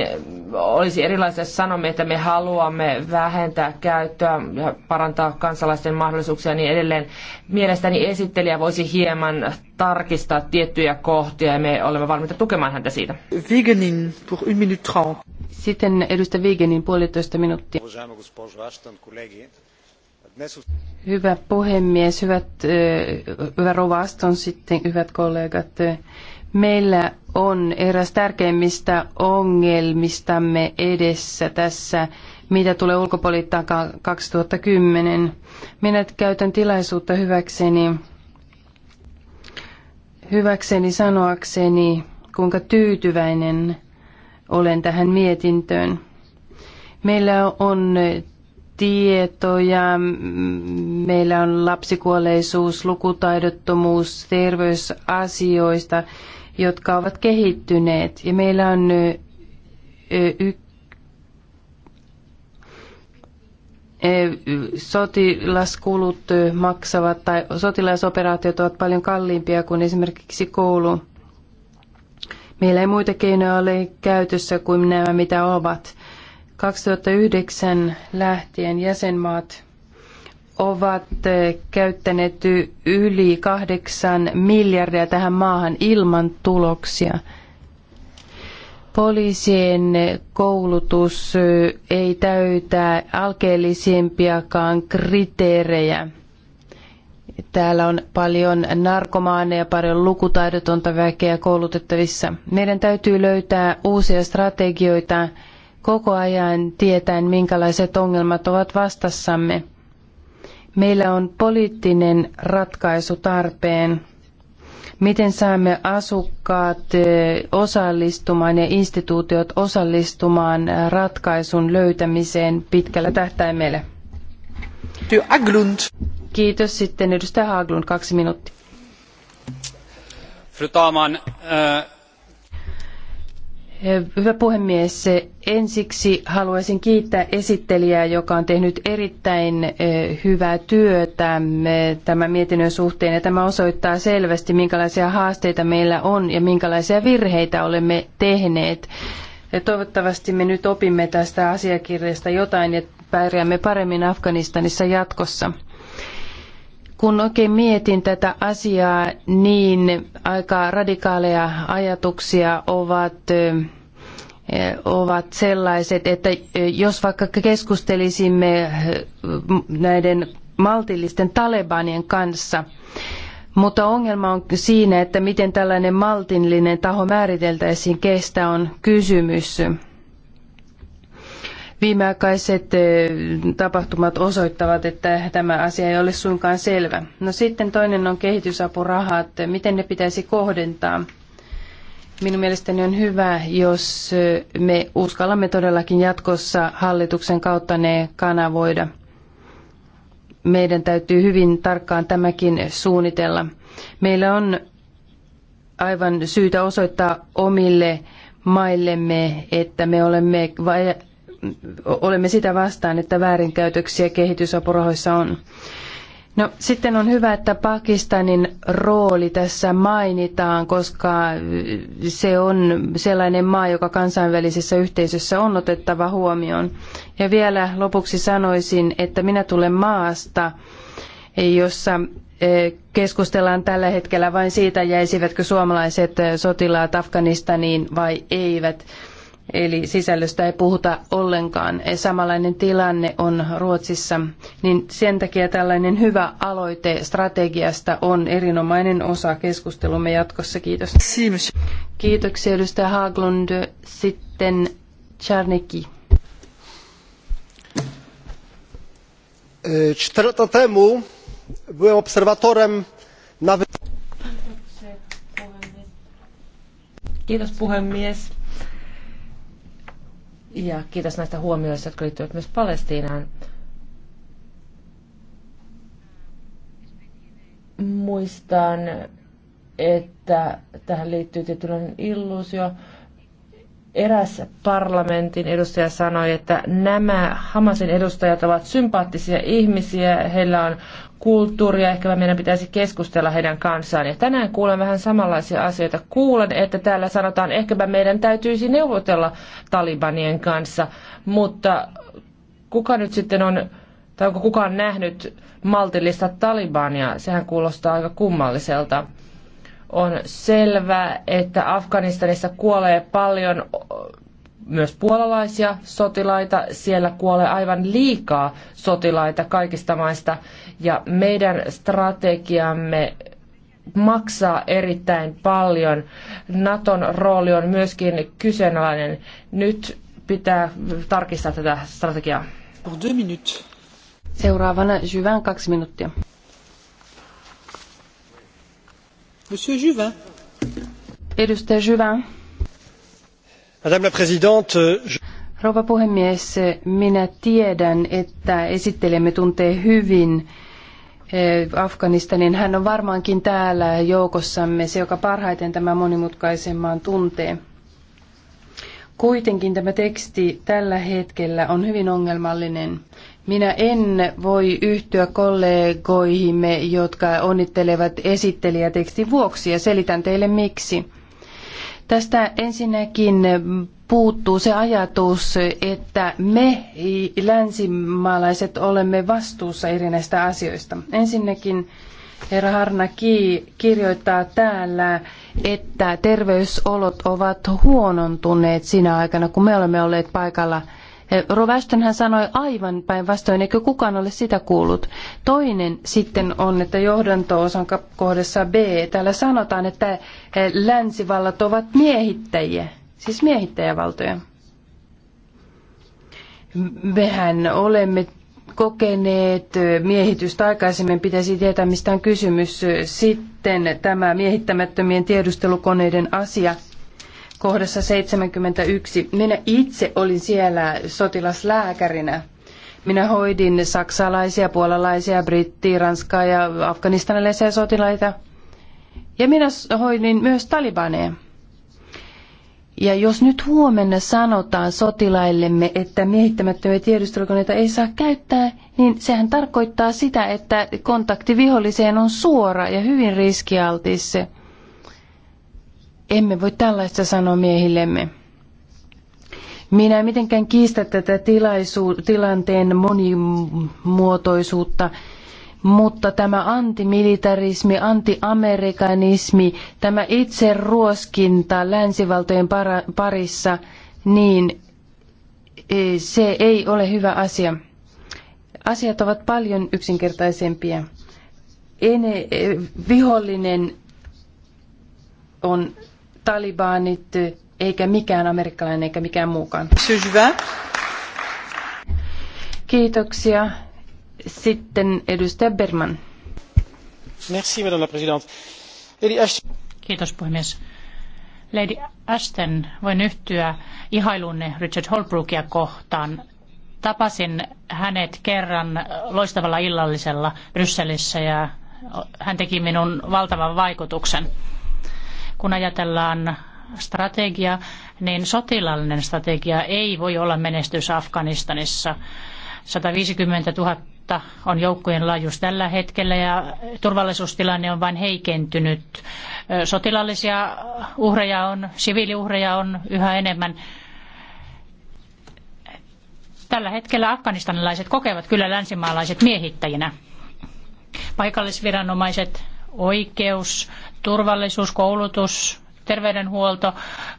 olisi erilaisia sanomia, että me haluamme vähentää käyttöä ja parantaa kansalaisten mahdollisuuksia ja niin edelleen. Mielestäni esittelijä voisi hieman tarkistaa tiettyjä kohtia ja me olemme valmiita tukemaan häntä siitä. Vigenin pour une minute 30. Sitten edustaja Vigenin puolitoista minuuttia. Hyvä puhemies, hyvät, hyvä Aston, sitten, hyvät kollegat. Meillä on eräs tärkeimmistä ongelmistamme edessä tässä, mitä tulee ulkopolitiikkaan 2010. Minä käytän tilaisuutta hyväkseni, hyväkseni sanoakseni, kuinka tyytyväinen olen tähän mietintöön. Meillä on tietoja, meillä on lapsikuolleisuus, lukutaidottomuus, terveysasioista jotka ovat kehittyneet. Ja meillä on y- sotilaskulut maksavat tai sotilasoperaatiot ovat paljon kalliimpia kuin esimerkiksi koulu. Meillä ei muita keinoja ole käytössä kuin nämä, mitä ovat. 2009 lähtien jäsenmaat ovat eh, käyttäneet yli kahdeksan miljardia tähän maahan ilman tuloksia. Poliisien koulutus eh, ei täytä alkeellisimpiakaan kriteerejä. Täällä on paljon narkomaaneja, paljon lukutaidotonta väkeä koulutettavissa. Meidän täytyy löytää uusia strategioita koko ajan tietäen, minkälaiset ongelmat ovat vastassamme. Meillä on poliittinen ratkaisu tarpeen. Miten saamme asukkaat osallistumaan ja instituutiot osallistumaan ratkaisun löytämiseen pitkällä tähtäimellä? Kiitos. Sitten edustaja Haglund, kaksi minuuttia. Fru talman, Hyvä puhemies, ensiksi haluaisin kiittää esittelijää, joka on tehnyt erittäin eh, hyvää työtä eh, tämän mietinnön suhteen. Ja tämä osoittaa selvästi, minkälaisia haasteita meillä on ja minkälaisia virheitä olemme tehneet. Ja toivottavasti me nyt opimme tästä asiakirjasta jotain ja pärjäämme paremmin Afganistanissa jatkossa. Kun oikein mietin tätä asiaa, niin aika radikaaleja ajatuksia ovat ovat sellaiset, että jos vaikka keskustelisimme näiden maltillisten talebanien kanssa, mutta ongelma on siinä, että miten tällainen maltillinen taho määriteltäisiin, kestä on kysymys. Viimeaikaiset eh, tapahtumat osoittavat, että tämä asia ei ole suinkaan selvä. No sitten toinen on kehitysapurahat. Miten ne pitäisi kohdentaa? Minun mielestäni on hyvä, jos eh, me uskallamme todellakin jatkossa hallituksen kautta ne kanavoida. Meidän täytyy hyvin tarkkaan tämäkin suunnitella. Meillä on aivan syytä osoittaa omille maillemme, että me olemme olemme sitä vastaan, että väärinkäytöksiä kehitysapurahoissa on. No, sitten on hyvä, että Pakistanin rooli tässä mainitaan, koska se on sellainen maa, joka kansainvälisessä yhteisössä on otettava huomioon. Ja vielä lopuksi sanoisin, että minä tulen maasta, jossa eh, keskustellaan tällä hetkellä vain siitä, jäisivätkö suomalaiset sotilaat Afganistaniin vai eivät eli sisällöstä ei puhuta ollenkaan. E, samanlainen tilanne on Ruotsissa, niin sen takia tällainen hyvä aloite strategiasta on erinomainen osa keskustelumme jatkossa. Kiitos. Kiitoksia edustaja Haglund, Sitten Czarnecki. E, cztery lata temu byłem obserwatorem na... Kiitos puhemies ja kiitos näistä huomioista, jotka liittyvät myös Palestiinaan. Muistan, että tähän liittyy tietynlainen illuusio. Eräs parlamentin edustaja sanoi, että nämä Hamasin edustajat ovat sympaattisia ihmisiä, heillä on kulttuuria. Ehkä meidän pitäisi keskustella heidän kanssaan. Ja tänään kuulen vähän samanlaisia asioita. Kuulen, että täällä sanotaan, että ehkäpä meidän täytyisi neuvotella talibanien kanssa, mutta kuka nyt sitten on, tai onko kukaan nähnyt maltillista talibania? Sehän kuulostaa aika kummalliselta. On selvää, että Afganistanissa kuolee paljon myös puolalaisia sotilaita. Siellä kuolee aivan liikaa sotilaita kaikista maista ja meidän strategiamme maksaa erittäin paljon. Naton rooli on myöskin kyseenalainen. Nyt pitää tarkistaa tätä strategiaa. Seuraavana Jyvän kaksi minuuttia. Monsieur Jyvän. Edustaja Jyvän. Madame Rouva puhemies, minä tiedän, että esittelemme tuntee hyvin eh, Afganistanin. Hän on varmaankin täällä joukossamme se, joka parhaiten tämän monimutkaisemman tuntee. Kuitenkin tämä teksti tällä hetkellä on hyvin ongelmallinen. Minä en voi yhtyä kollegoihimme, jotka onnittelevat esittelijätekstin vuoksi ja selitän teille miksi. Tästä ensinnäkin puuttuu se ajatus, että me länsimaalaiset olemme vastuussa eri asioista. Ensinnäkin herra Harnaki kirjoittaa täällä, että terveysolot ovat huonontuneet sinä aikana, kun me olemme olleet paikalla – Rovästön hän sanoi aivan päinvastoin, eikö kukaan ole sitä kuullut. Toinen sitten on, että johdanto-osan kohdassa B, täällä sanotaan, että länsivallat ovat miehittäjiä, siis miehittäjävaltoja. Mehän olemme kokeneet miehitystä aikaisemmin, pitäisi tietää mistä on kysymys. Sitten tämä miehittämättömien tiedustelukoneiden asia – kohdassa 71. Minä itse olin siellä sotilaslääkärinä. Minä hoidin saksalaisia, puolalaisia, brittiä, ranskaa ja afganistanilaisia sotilaita. Ja minä hoidin myös talibaneja. Ja jos nyt huomenna sanotaan sotilaillemme, että miehittämättömiä tiedustelukoneita ei saa käyttää, niin sehän tarkoittaa sitä, että kontakti viholliseen on suora ja hyvin riskialtis. Emme voi tällaista sanoa miehillemme. Minä en mitenkään kiistä tätä tilaisu- tilanteen monimuotoisuutta, mutta tämä antimilitarismi, antiamerikanismi, tämä itse ruoskinta länsivaltojen parissa, niin e, se ei ole hyvä asia. Asiat ovat paljon yksinkertaisempia. Ene, vihollinen on talibanit, eikä mikään amerikkalainen eikä mikään muukaan. Kiitoksia. Sitten edustaja Berman. Merci, madame la présidente. Kiitos puhemies. Lady Ashton, voin yhtyä ihailunne Richard Holbrookia kohtaan. Tapasin hänet kerran loistavalla illallisella Brysselissä ja hän teki minun valtavan vaikutuksen kun ajatellaan strategia, niin sotilallinen strategia ei voi olla menestys Afganistanissa. 150 000 on joukkojen laajuus tällä hetkellä ja turvallisuustilanne on vain heikentynyt. Sotilallisia uhreja on, siviiliuhreja on yhä enemmän. Tällä hetkellä afganistanilaiset kokevat kyllä länsimaalaiset miehittäjinä. Paikallisviranomaiset, oikeus, turvallisuus, koulutus, terveydenhuolto,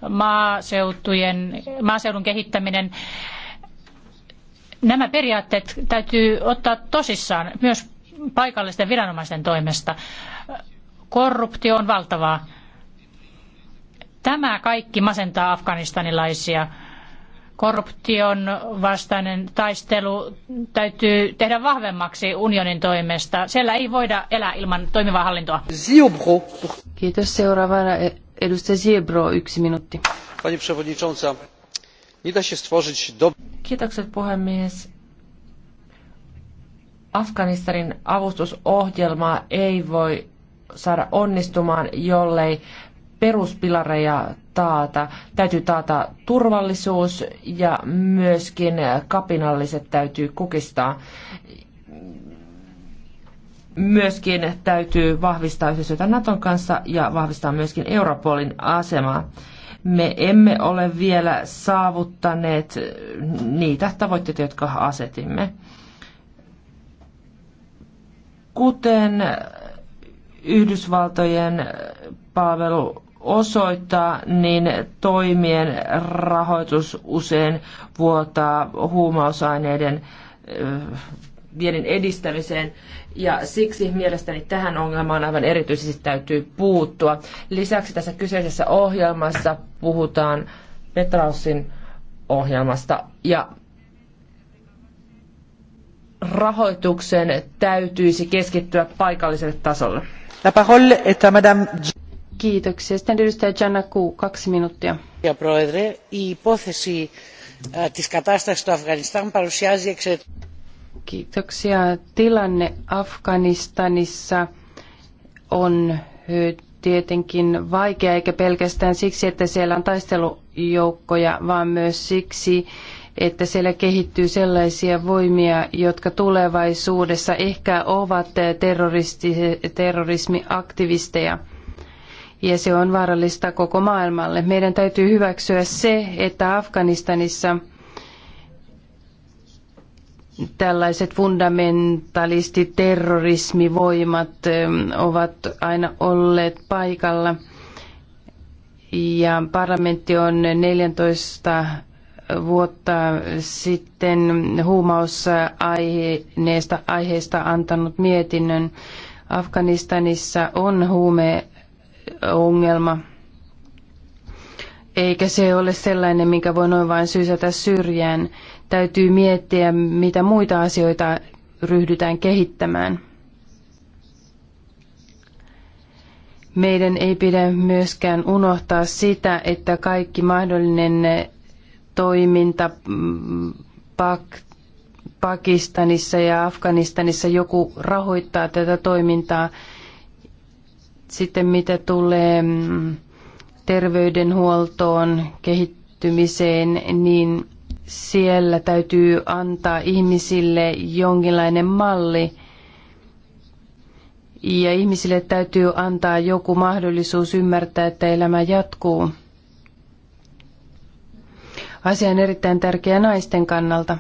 maaseutujen, maaseudun kehittäminen. Nämä periaatteet täytyy ottaa tosissaan myös paikallisten viranomaisten toimesta. Korruptio on valtavaa. Tämä kaikki masentaa afganistanilaisia korruption vastainen taistelu täytyy tehdä vahvemmaksi unionin toimesta. Siellä ei voida elää ilman toimivaa hallintoa. Ziobro. Kiitos. Seuraavana e- edustaja Ziobro, yksi minuutti. Pani przewodnicząca, nie da się stworzyć do... Kiitokset puhemies. Afganistanin avustusohjelmaa ei voi saada onnistumaan, jollei peruspilareja taata. Täytyy taata turvallisuus ja myöskin kapinalliset täytyy kukistaa. Myöskin täytyy vahvistaa yhteistyötä Naton kanssa ja vahvistaa myöskin Europolin asemaa. Me emme ole vielä saavuttaneet niitä tavoitteita, jotka asetimme. Kuten Yhdysvaltojen palvelu osoittaa, niin toimien rahoitus usein vuotaa huumausaineiden viennin edistämiseen. Ja siksi mielestäni tähän ongelmaan aivan erityisesti täytyy puuttua. Lisäksi tässä kyseisessä ohjelmassa puhutaan Petrausin ohjelmasta ja rahoituksen täytyisi keskittyä paikalliselle tasolle. La parole est à madame... Kiitoksia. Sitten edustaja Janaku, kaksi minuuttia. Kiitoksia. Tilanne Afganistanissa on tietenkin vaikea, eikä pelkästään siksi, että siellä on taistelujoukkoja, vaan myös siksi, että siellä kehittyy sellaisia voimia, jotka tulevaisuudessa ehkä ovat eh, terrorismiaktivisteja ja se on vaarallista koko maailmalle. Meidän täytyy hyväksyä se, että Afganistanissa tällaiset fundamentalistit, terrorismivoimat ähm, ovat aina olleet paikalla. Ja parlamentti on 14 vuotta sitten huumausaiheesta aiheesta antanut mietinnön. Afganistanissa on huume ongelma. Eikä se ole sellainen, mikä voi noin vain sysätä syrjään. Täytyy miettiä, mitä muita asioita ryhdytään kehittämään. Meidän ei pidä myöskään unohtaa sitä, että kaikki mahdollinen toiminta mm, Pakistanissa ja Afganistanissa joku rahoittaa tätä toimintaa – sitten mitä tulee terveydenhuoltoon, kehittymiseen, niin siellä täytyy antaa ihmisille jonkinlainen malli ja ihmisille täytyy antaa joku mahdollisuus ymmärtää, että elämä jatkuu. Asia on erittäin tärkeä naisten kannalta.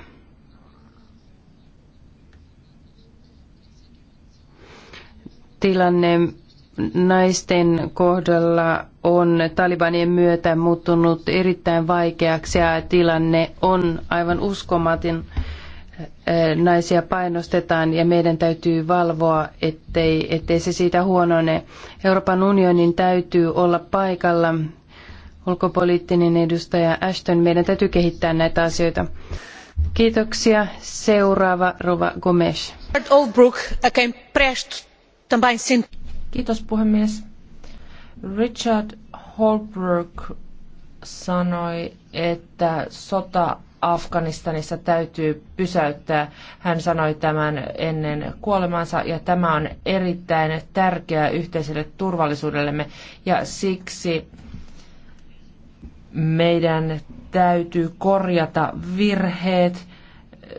Tilanne naisten kohdalla on talibanien myötä muuttunut erittäin vaikeaksi ja tilanne on aivan uskomaton. Äh, naisia painostetaan ja meidän täytyy valvoa, ettei, ettei se siitä huonone. Euroopan unionin täytyy olla paikalla. Ulkopoliittinen edustaja Ashton, meidän täytyy kehittää näitä asioita. Kiitoksia. Seuraava Rova Gomes. Kiitos puhemies. Richard Holbrook sanoi, että sota Afganistanissa täytyy pysäyttää. Hän sanoi tämän ennen kuolemansa ja tämä on erittäin tärkeää yhteiselle turvallisuudellemme ja siksi meidän täytyy korjata virheet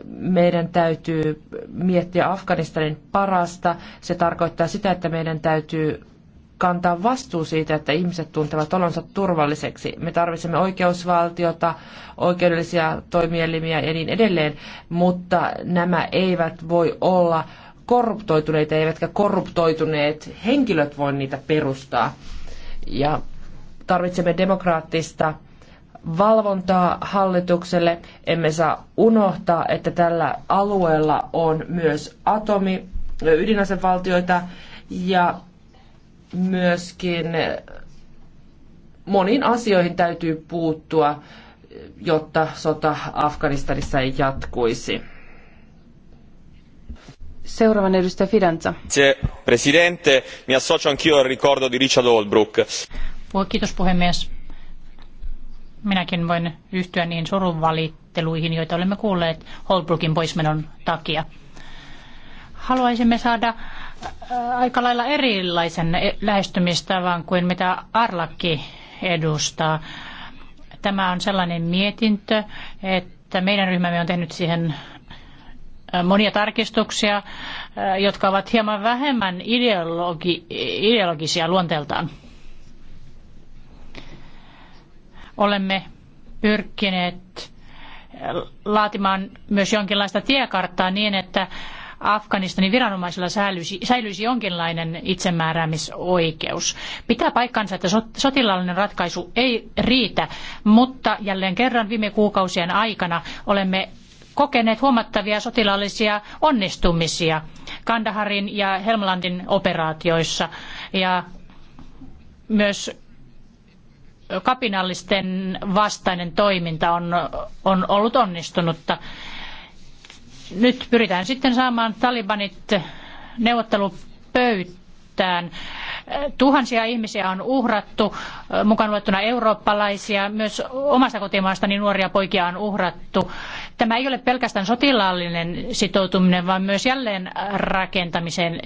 meidän täytyy miettiä Afganistanin parasta. Se tarkoittaa sitä, että meidän täytyy kantaa vastuu siitä, että ihmiset tuntevat olonsa turvalliseksi. Me tarvitsemme oikeusvaltiota, oikeudellisia toimielimiä ja niin edelleen, mutta nämä eivät voi olla korruptoituneita, eivätkä korruptoituneet henkilöt voi niitä perustaa. Ja tarvitsemme demokraattista valvontaa hallitukselle. Emme saa unohtaa, että tällä alueella on myös atomi, ydinasevaltioita ja myöskin moniin asioihin täytyy puuttua, jotta sota Afganistanissa ei jatkuisi. Seuraavan edustaja Fidanza. Se, presidente, mi associo anch'io al ricordo di Richard Holbrooke. Kiitos puhemies Minäkin voin yhtyä niin surun valitteluihin, joita olemme kuulleet Holbrookin poismenon takia. Haluaisimme saada äh, aika lailla erilaisen e- lähestymistavan kuin mitä Arlakki edustaa. Tämä on sellainen mietintö, että meidän ryhmämme on tehnyt siihen äh, monia tarkistuksia, äh, jotka ovat hieman vähemmän ideologi- ideologisia luonteeltaan. Olemme pyrkineet laatimaan myös jonkinlaista tiekarttaa niin, että Afganistanin viranomaisilla säilyisi, säilyisi jonkinlainen itsemääräämisoikeus. Pitää paikkansa, että sotilaallinen ratkaisu ei riitä, mutta jälleen kerran viime kuukausien aikana olemme kokeneet huomattavia sotilaallisia onnistumisia Kandaharin ja Helmlandin operaatioissa ja myös kapinallisten vastainen toiminta on, on ollut onnistunutta. Nyt pyritään sitten saamaan talibanit neuvottelupöytään. Tuhansia ihmisiä on uhrattu, mukaan luettuna eurooppalaisia, myös omasta kotimaastani nuoria poikia on uhrattu. Tämä ei ole pelkästään sotilaallinen sitoutuminen, vaan myös jälleen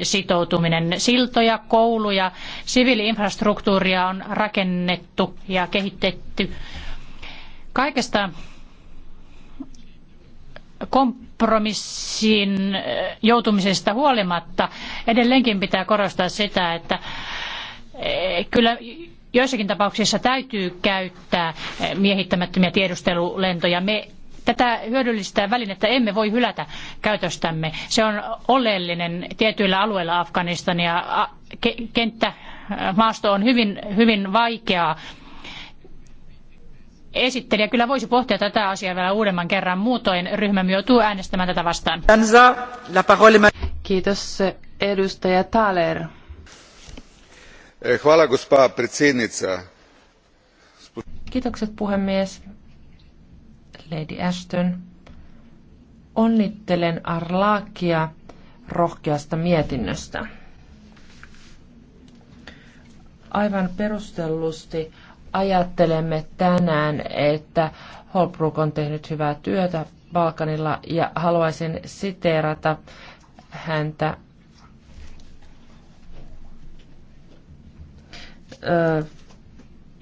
sitoutuminen. Siltoja, kouluja, siviiliinfrastruktuuria on rakennettu ja kehitetty. Kaikesta kompromissiin joutumisesta huolimatta edelleenkin pitää korostaa sitä, että eh, kyllä joissakin tapauksissa täytyy käyttää miehittämättömiä tiedustelulentoja. Me Tätä hyödyllistä välinettä emme voi hylätä käytöstämme. Se on oleellinen tietyillä alueilla Afganistania. Kenttä, maasto on hyvin, hyvin vaikeaa esittelijä kyllä voisi pohtia tätä asiaa vielä uudemman kerran. Muutoin ryhmämme joutuu äänestämään tätä vastaan. Kiitos edustaja Thaler. Eh, Kiitokset puhemies. Lady Ashton. Onnittelen Arlaakia rohkeasta mietinnöstä. Aivan perustellusti ajattelemme tänään, että Holbrook on tehnyt hyvää työtä Balkanilla ja haluaisin siteerata häntä Öö,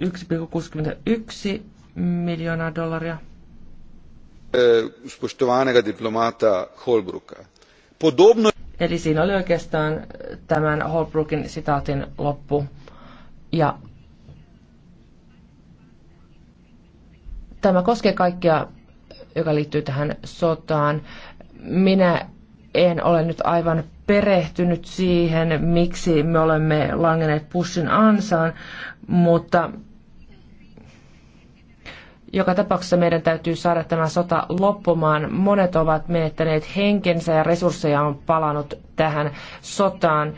1,61 miljoonaa dollaria. Eh, spoštovanega diplomata Holbrooka. Podobno... Eli siinä oli oikeastaan tämän Holbrookin sitaatin loppu. Ja tämä koskee kaikkea, joka liittyy tähän sotaan. Minä en ole nyt aivan perehtynyt siihen, miksi me olemme langenneet pussin ansaan, mutta joka tapauksessa meidän täytyy saada tämä sota loppumaan. Monet ovat menettäneet henkensä ja resursseja on palanut tähän sotaan.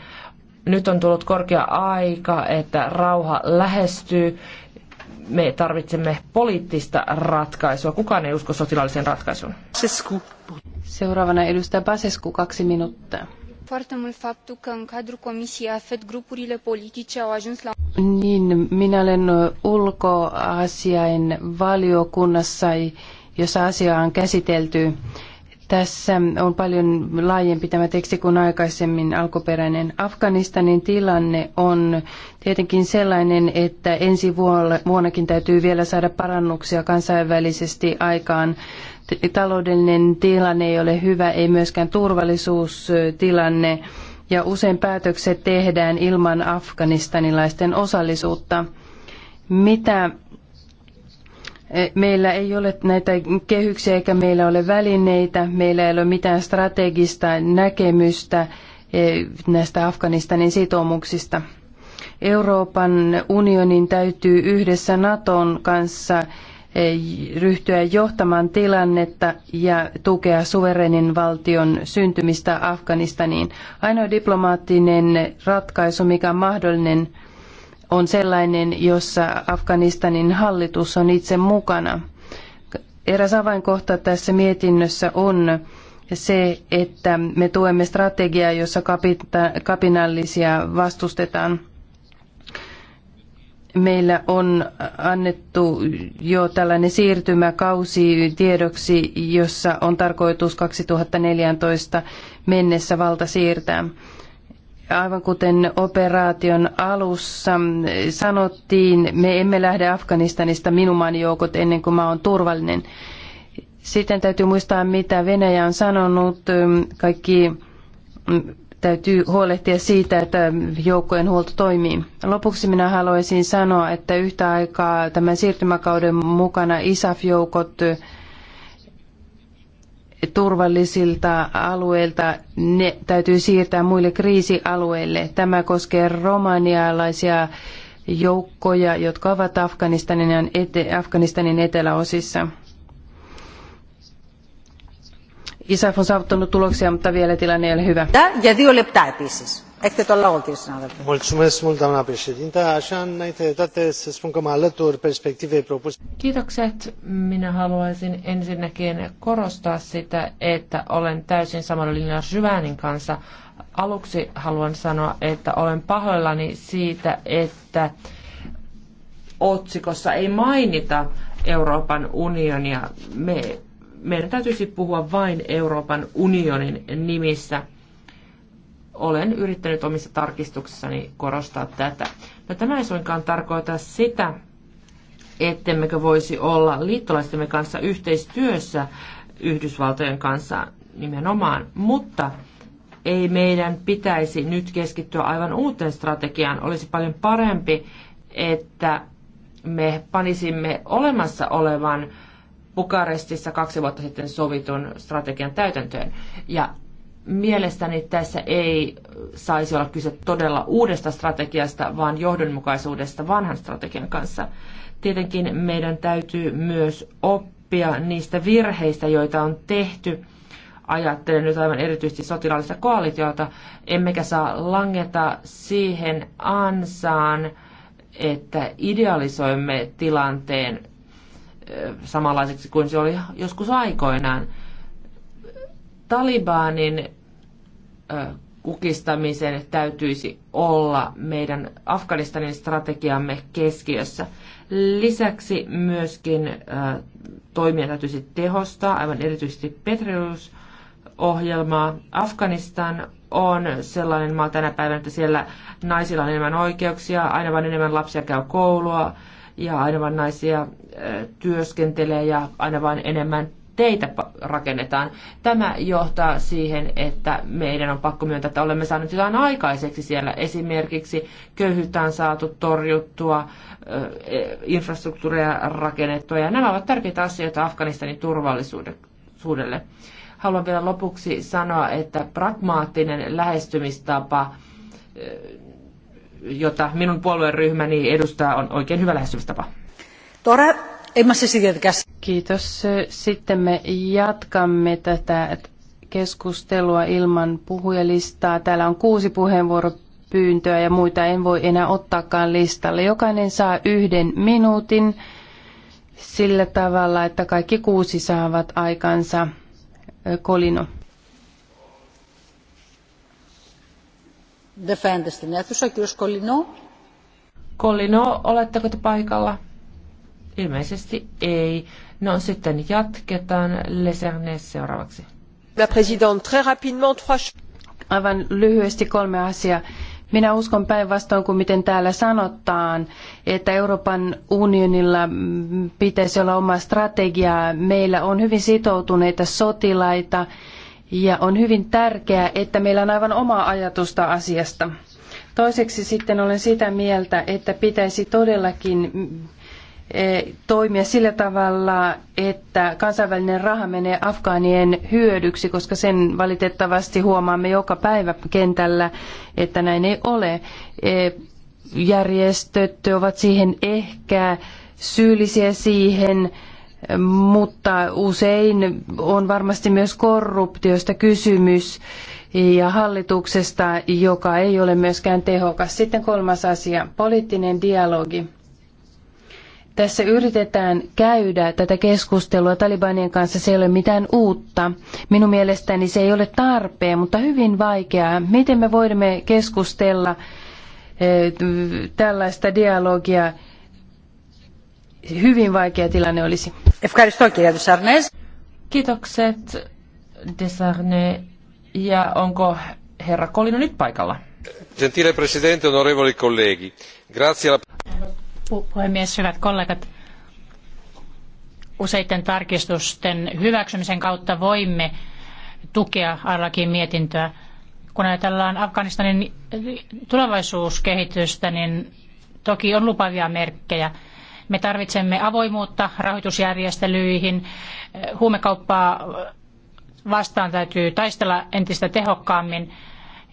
Nyt on tullut korkea aika, että rauha lähestyy. Me tarvitsemme poliittista ratkaisua. Kukaan ei usko sotilaalliseen ratkaisuun. Seuraavana edustaja kaksi minuuttia foarte mult faptul că în cadrul Comisiei AFET grupurile politice au ajuns la... Niin, minä olen ulkoasiain valiokunnassa, jossa asia on käsitelty tässä on paljon laajempi tämä teksti kuin aikaisemmin alkuperäinen. Afganistanin tilanne on tietenkin sellainen, että ensi vuonnakin täytyy vielä saada parannuksia kansainvälisesti aikaan. Taloudellinen tilanne ei ole hyvä, ei myöskään turvallisuustilanne ja usein päätökset tehdään ilman afganistanilaisten osallisuutta. Mitä Eh, meillä ei ole näitä kehyksiä eikä meillä ole välineitä, meillä ei ole mitään strategista näkemystä eh, näistä Afganistanin sitoumuksista. Euroopan unionin täytyy yhdessä Naton kanssa eh, ryhtyä johtamaan tilannetta ja tukea suverenin valtion syntymistä Afganistaniin. Ainoa diplomaattinen ratkaisu, mikä on mahdollinen, on sellainen, jossa Afganistanin hallitus on itse mukana. Eräs avainkohta tässä mietinnössä on se, että me tuemme strategiaa, jossa kapita- kapinallisia vastustetaan. Meillä on annettu jo tällainen siirtymäkausi tiedoksi, jossa on tarkoitus 2014 mennessä valta siirtää. Aivan kuten operaation alussa sanottiin, me emme lähde Afganistanista minumaan joukot ennen kuin maa on turvallinen. Sitten täytyy muistaa, mitä Venäjä on sanonut. Kaikki mm, täytyy huolehtia siitä, että joukkojen huolto toimii. Lopuksi minä haluaisin sanoa, että yhtä aikaa tämän siirtymäkauden mukana ISAF-joukot turvallisilta alueilta ne täytyy siirtää muille kriisialueille. Tämä koskee romanialaisia joukkoja, jotka ovat Afganistanin, ete, Afganistanin eteläosissa. ISAF on saavuttanut tuloksia, mutta vielä tilanne ei ole hyvä. Ja leptaa, siis așa înainte de toate să spun că mă alătur perspectivei propuse. Kiitokset. Minä haluaisin ensinnäkin korostaa sitä, että olen täysin samalla linjalla Syvänin kanssa. Aluksi haluan sanoa, että olen pahoillani siitä, että otsikossa ei mainita Euroopan unionia. Me, meidän täytyisi puhua vain Euroopan unionin nimissä olen yrittänyt omissa tarkistuksissani korostaa tätä. No, tämä ei suinkaan tarkoita sitä, ettemmekö voisi olla liittolaistemme kanssa yhteistyössä Yhdysvaltojen kanssa nimenomaan, mutta ei meidän pitäisi nyt keskittyä aivan uuteen strategiaan. Olisi paljon parempi, että me panisimme olemassa olevan Bukarestissa kaksi vuotta sitten sovitun strategian täytäntöön. Ja Mielestäni tässä ei saisi olla kyse todella uudesta strategiasta, vaan johdonmukaisuudesta vanhan strategian kanssa. Tietenkin meidän täytyy myös oppia niistä virheistä, joita on tehty ajattelen nyt aivan erityisesti sotilaallista koalitiota, emmekä saa langeta siihen ansaan, että idealisoimme tilanteen samanlaiseksi kuin se oli joskus aikoinaan. Talibanin kukistamisen täytyisi olla meidän Afganistanin strategiamme keskiössä. Lisäksi myöskin toimia täytyisi tehostaa, aivan erityisesti Petrius ohjelmaa. Afganistan on sellainen maa tänä päivänä, että siellä naisilla on enemmän oikeuksia, aina vain enemmän lapsia käy koulua ja aina vain naisia työskentelee ja aina vain enemmän teitä rakennetaan. Tämä johtaa siihen, että meidän on pakko myöntää, että olemme saaneet jotain aikaiseksi siellä. Esimerkiksi köyhyyttä on saatu torjuttua, e, infrastruktuuria rakennettua ja nämä ovat tärkeitä asioita Afganistanin turvallisuudelle. Haluan vielä lopuksi sanoa, että pragmaattinen lähestymistapa jota minun ryhmäni edustaa, on oikein hyvä lähestymistapa. Tore. Kiitos. Sitten me jatkamme tätä keskustelua ilman puhujalistaa. Täällä on kuusi puheenvuoropyyntöä ja muita en voi enää ottaakaan listalle. Jokainen saa yhden minuutin sillä tavalla, että kaikki kuusi saavat aikansa. Kolino. Kolino, oletteko te paikalla? Ilmeisesti ei. No sitten jatketaan. Leserne seuraavaksi. La présidente, très rapidement, trois... Aivan lyhyesti kolme asiaa. Minä uskon päinvastoin kuin miten täällä sanotaan, että Euroopan unionilla pitäisi olla oma strategia. Meillä on hyvin sitoutuneita sotilaita ja on hyvin tärkeää, että meillä on aivan oma ajatusta asiasta. Toiseksi sitten olen sitä mieltä, että pitäisi todellakin Eh, toimia sillä tavalla, että kansainvälinen raha menee afgaanien hyödyksi, koska sen valitettavasti huomaamme joka päivä kentällä, että näin ei ole. Eh, järjestöt ovat siihen ehkä syyllisiä siihen, mutta usein on varmasti myös korruptiosta kysymys ja hallituksesta, joka ei ole myöskään tehokas. Sitten kolmas asia, poliittinen dialogi tässä yritetään käydä tätä keskustelua talibanien kanssa, se ei ole mitään uutta. Minun mielestäni se ei ole tarpeen, mutta hyvin vaikeaa. Miten me voimme keskustella eh, tällaista dialogia? Hyvin vaikea tilanne olisi. Kiitokset, Desarne. Ja onko herra Kolino nyt paikalla? Gentile presidente, onorevoli colleghi, grazie alla puhemies, hyvät kollegat. Useiden tarkistusten hyväksymisen kautta voimme tukea Arlakin mietintöä. Kun ajatellaan Afganistanin tulevaisuuskehitystä, niin toki on lupavia merkkejä. Me tarvitsemme avoimuutta rahoitusjärjestelyihin, huumekauppaa vastaan täytyy taistella entistä tehokkaammin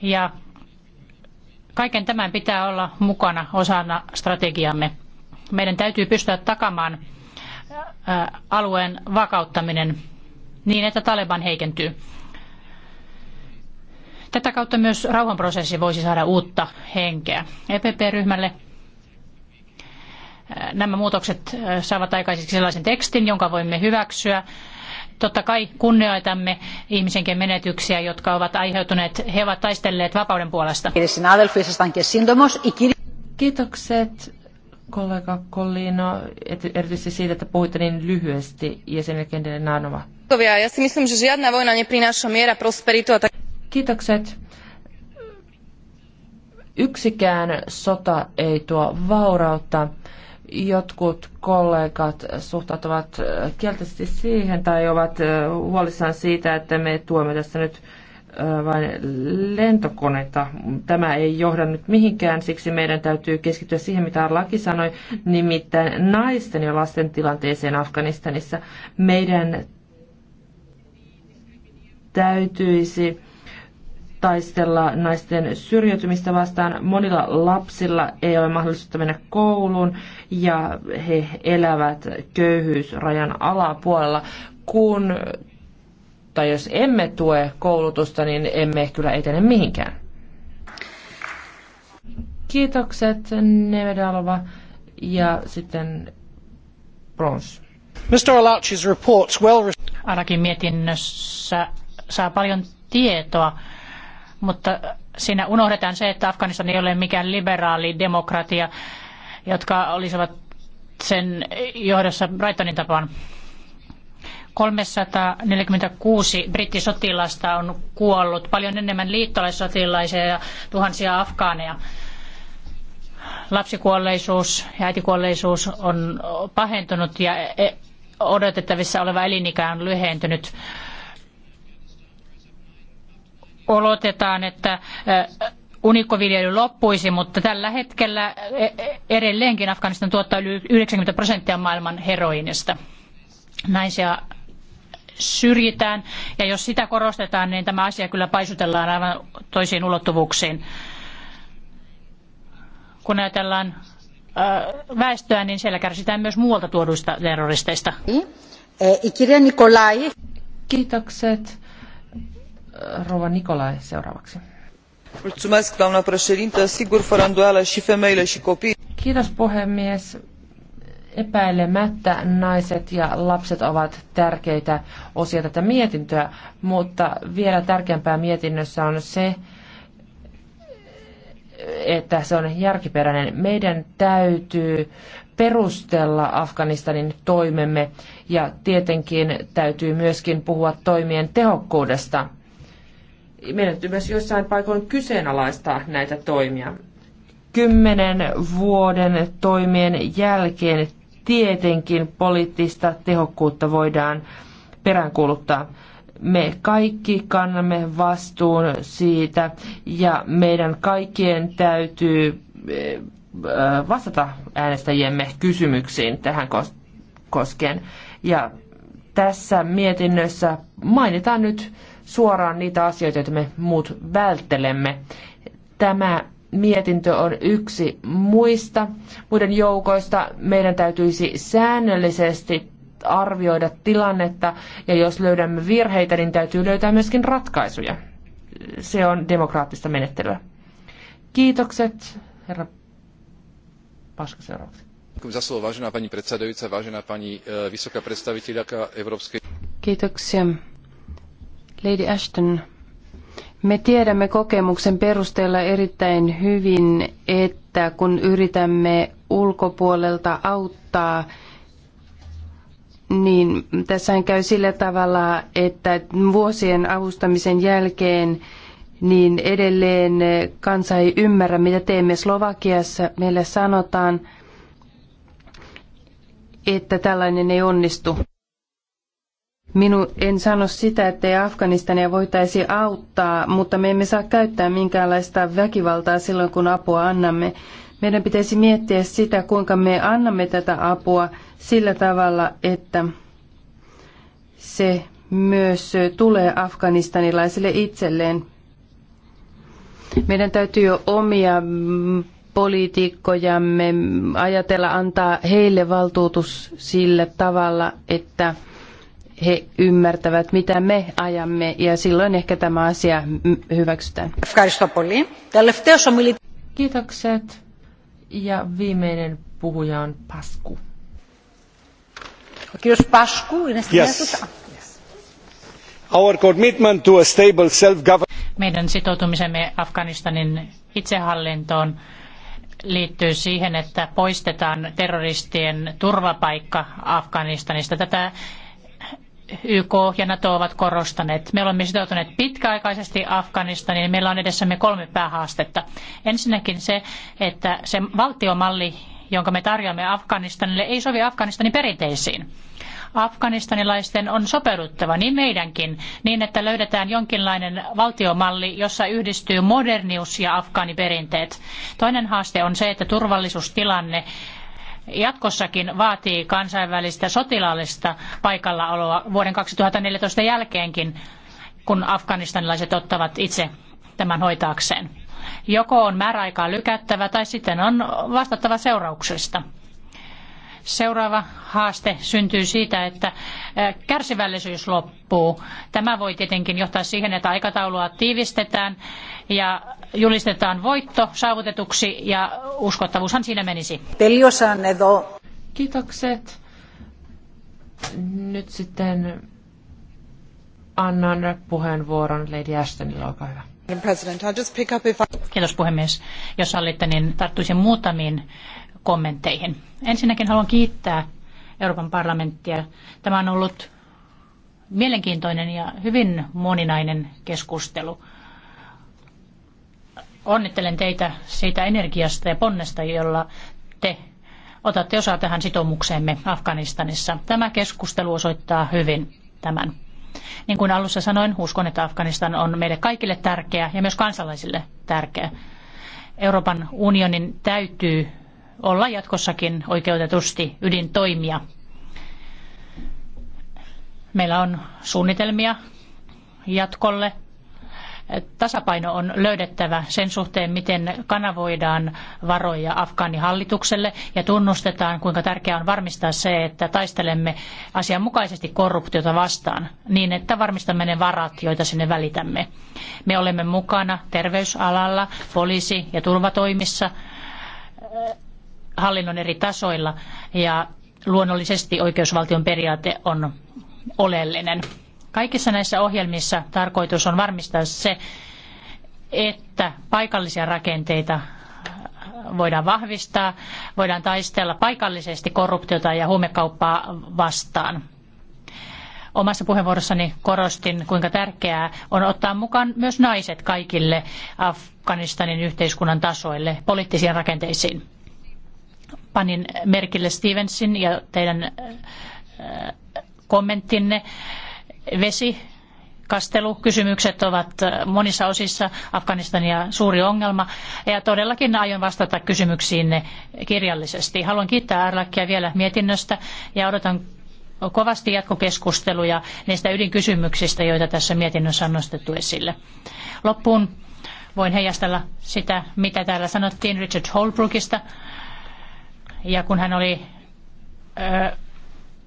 ja kaiken tämän pitää olla mukana osana strategiamme. Meidän täytyy pystyä takamaan alueen vakauttaminen niin, että Taleban heikentyy. Tätä kautta myös rauhanprosessi voisi saada uutta henkeä. EPP-ryhmälle nämä muutokset saavat aikaiseksi sellaisen tekstin, jonka voimme hyväksyä. Totta kai kunnioitamme ihmisenkin menetyksiä, jotka ovat aiheutuneet. He ovat taistelleet vapauden puolesta. Kiitokset kollega et, erityisesti siitä, että puhuitte niin lyhyesti ja sen jälkeen Denanova. Ja Kiitokset. Yksikään sota ei tuo vaurautta. Jotkut kollegat suhtautuvat kielteisesti siihen tai ovat eh, huolissaan siitä, että me tuomme tässä nyt Äh, vain lentokoneita. Tämä ei johda nyt mihinkään, siksi meidän täytyy keskittyä siihen, mitä laki sanoi, nimittäin naisten ja lasten tilanteeseen Afganistanissa. Meidän täytyisi taistella naisten syrjäytymistä vastaan. Monilla lapsilla ei ole mahdollisuutta mennä kouluun ja he elävät köyhyysrajan alapuolella. Kun mutta jos emme tue koulutusta, niin emme kyllä etene mihinkään. Kiitokset, Nevedalova. Ja sitten Brons. Mr. Alachi's reports well... Arakin mietinnössä saa paljon tietoa, mutta siinä unohdetaan se, että Afganistan ei ole mikään liberaali demokratia, jotka olisivat sen johdossa Brightonin tapaan 346 brittisotilasta on kuollut, paljon enemmän liittolaissotilaisia ja tuhansia afgaaneja. Lapsikuolleisuus ja äitikuolleisuus on pahentunut ja e- odotettavissa oleva elinikä on lyhentynyt. Olotetaan, että e- unikkoviljely loppuisi, mutta tällä hetkellä e- edelleenkin Afganistan tuottaa yli 90 prosenttia maailman heroinista. Naisia syrjitään. Ja jos sitä korostetaan, niin tämä asia kyllä paisutellaan aivan toisiin ulottuvuuksiin. Kun ajatellaan äh, väestöä, niin siellä kärsitään myös muualta tuoduista terroristeista. Eh, Kirja Nikolai. Kiitokset. Rova Nikolai seuraavaksi. Mulțumesc, doamna președintă. Sigur, fără îndoială și femeile și copiii. Kiitos puhemies. Epäilemättä naiset ja lapset ovat tärkeitä osia tätä mietintöä, mutta vielä tärkeämpää mietinnössä on se, että se on järkiperäinen. Meidän täytyy perustella Afganistanin toimemme ja tietenkin täytyy myöskin puhua toimien tehokkuudesta. Meidän täytyy myös jossain paikoin kyseenalaistaa näitä toimia. Kymmenen vuoden toimien jälkeen tietenkin poliittista tehokkuutta voidaan peräänkuuluttaa. Me kaikki kannamme vastuun siitä ja meidän kaikkien täytyy eh, eh, vastata äänestäjiemme kysymyksiin tähän koskien. Ja tässä mietinnössä mainitaan nyt suoraan niitä asioita, joita me muut välttelemme. Tämä mietintö on yksi muista. Muiden joukoista meidän täytyisi säännöllisesti arvioida tilannetta ja jos löydämme virheitä, niin täytyy löytää myöskin ratkaisuja. Se on demokraattista menettelyä. Kiitokset, herra Paska seuraavaksi. Za slovo, vážená pani predsedajúca, vážená pani e, vysoká predstaviteľka Európskej... Kiitoksia. Lady Ashton, me tiedämme kokemuksen perusteella erittäin hyvin, että kun yritämme ulkopuolelta auttaa, niin tässä käy sillä tavalla, että vuosien avustamisen jälkeen niin edelleen kansa ei ymmärrä, mitä teemme Slovakiassa. Meille sanotaan, että tällainen ei onnistu. Minu en sano sitä, ettei Afganistania voitaisi auttaa, mutta me emme saa käyttää minkäänlaista väkivaltaa silloin, kun apua annamme. Meidän pitäisi miettiä sitä, kuinka me annamme tätä apua sillä tavalla, että se myös tulee afganistanilaisille itselleen. Meidän täytyy jo omia mm, poliitikkojamme ajatella antaa heille valtuutus sillä tavalla, että he ymmärtävät, mitä me ajamme, ja silloin ehkä tämä asia hyväksytään. Kiitokset. Ja viimeinen puhuja on Pasku. Kiitos Pasku. Yes. Our commitment to a stable self-government. Meidän sitoutumisemme Afganistanin itsehallintoon liittyy siihen, että poistetaan terroristien turvapaikka Afganistanista. Tätä YK ja NATO ovat korostaneet. Me olemme sitoutuneet pitkäaikaisesti Afganistaniin. Meillä on edessämme kolme päähaastetta. Ensinnäkin se, että se valtiomalli, jonka me tarjoamme Afganistanille, ei sovi Afganistanin perinteisiin. Afganistanilaisten on sopeuduttava, niin meidänkin, niin että löydetään jonkinlainen valtiomalli, jossa yhdistyy modernius ja afgaaniperinteet. Toinen haaste on se, että turvallisuustilanne jatkossakin vaatii kansainvälistä sotilaallista paikallaoloa vuoden 2014 jälkeenkin, kun afganistanilaiset ottavat itse tämän hoitaakseen. Joko on määräaikaa lykättävä tai sitten on vastattava seurauksista. Seuraava haaste syntyy siitä, että kärsivällisyys loppuu. Tämä voi tietenkin johtaa siihen, että aikataulua tiivistetään ja julistetaan voitto saavutetuksi ja uskottavuushan siinä menisi. Kiitokset. Nyt sitten annan puheenvuoron Lady Ashtonille, olkaa hyvä. Kiitos puhemies. Jos sallitte, niin tarttuisin muutamiin kommentteihin. Ensinnäkin haluan kiittää Euroopan parlamenttia. Tämä on ollut mielenkiintoinen ja hyvin moninainen keskustelu. Onnittelen teitä siitä energiasta ja ponnesta, jolla te otatte osaa tähän sitoumukseemme Afganistanissa. Tämä keskustelu osoittaa hyvin tämän. Niin kuin alussa sanoin, uskon, että Afganistan on meille kaikille tärkeä ja myös kansalaisille tärkeä. Euroopan unionin täytyy olla jatkossakin oikeutetusti ydintoimia. Meillä on suunnitelmia jatkolle. Tasapaino on löydettävä sen suhteen, miten kanavoidaan varoja Afgaanihallitukselle ja tunnustetaan, kuinka tärkeää on varmistaa se, että taistelemme asianmukaisesti korruptiota vastaan niin, että varmistamme ne varat, joita sinne välitämme. Me olemme mukana terveysalalla, poliisi- ja turvatoimissa hallinnon eri tasoilla ja luonnollisesti oikeusvaltion periaate on oleellinen. Kaikissa näissä ohjelmissa tarkoitus on varmistaa se, että paikallisia rakenteita voidaan vahvistaa, voidaan taistella paikallisesti korruptiota ja huumekauppaa vastaan. Omassa puheenvuorossani korostin, kuinka tärkeää on ottaa mukaan myös naiset kaikille Afganistanin yhteiskunnan tasoille, poliittisiin rakenteisiin. Panin merkille Stevensin ja teidän äh, kommenttinne. Vesi, kastelukysymykset ovat äh, monissa osissa Afganistania suuri ongelma. Ja todellakin aion vastata kysymyksiinne kirjallisesti. Haluan kiittää Arlakia vielä mietinnöstä ja odotan kovasti jatkokeskusteluja niistä ydinkysymyksistä, joita tässä mietinnössä on nostettu esille. Loppuun voin heijastella sitä, mitä täällä sanottiin Richard Holbrookista ja kun hän oli ö,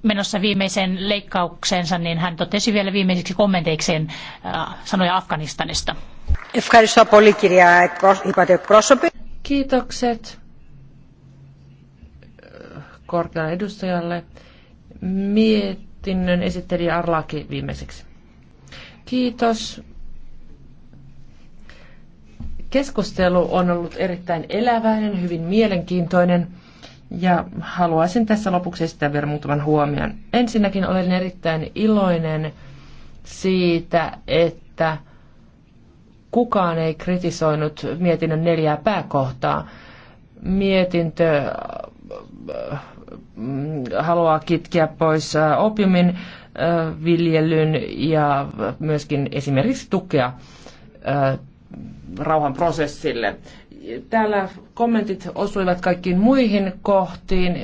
menossa viimeisen leikkauksensa, niin hän totesi vielä viimeisiksi kommenteikseen sanoja Afganistanista. Kiitokset korkealle edustajalle. Mietinnön esitteli Arlaki viimeiseksi. Kiitos. Keskustelu on ollut erittäin eläväinen, hyvin mielenkiintoinen. Ja haluaisin tässä lopuksi esittää vielä muutaman huomion. Ensinnäkin olen erittäin iloinen siitä, että kukaan ei kritisoinut mietinnön neljää pääkohtaa. Mietintö äh, haluaa kitkeä pois äh, opiumin äh, viljelyn ja myöskin esimerkiksi tukea rauhanprosessille. Täällä kommentit osuivat kaikkiin muihin kohtiin,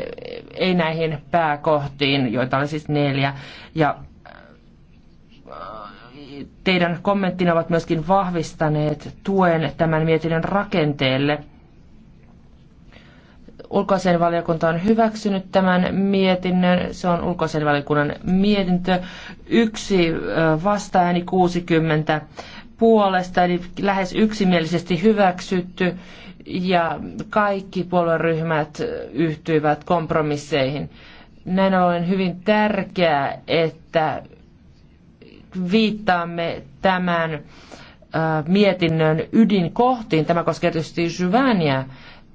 ei näihin pääkohtiin, joita oli siis neljä. Ja äh, teidän kommenttina ovat myöskin vahvistaneet tuen tämän mietinnön rakenteelle. Ulkoasianvaliokunta on hyväksynyt tämän mietinnön. Se on ulkoasianvaliokunnan mietintö. Yksi äh, vastaääni 60 puolesta, eli lähes yksimielisesti hyväksytty, ja kaikki puolueryhmät yhtyivät kompromisseihin. Näin ollen hyvin tärkeää, että viittaamme tämän mietinnön ydinkohtiin. Tämä koskee tietysti Jyväniä.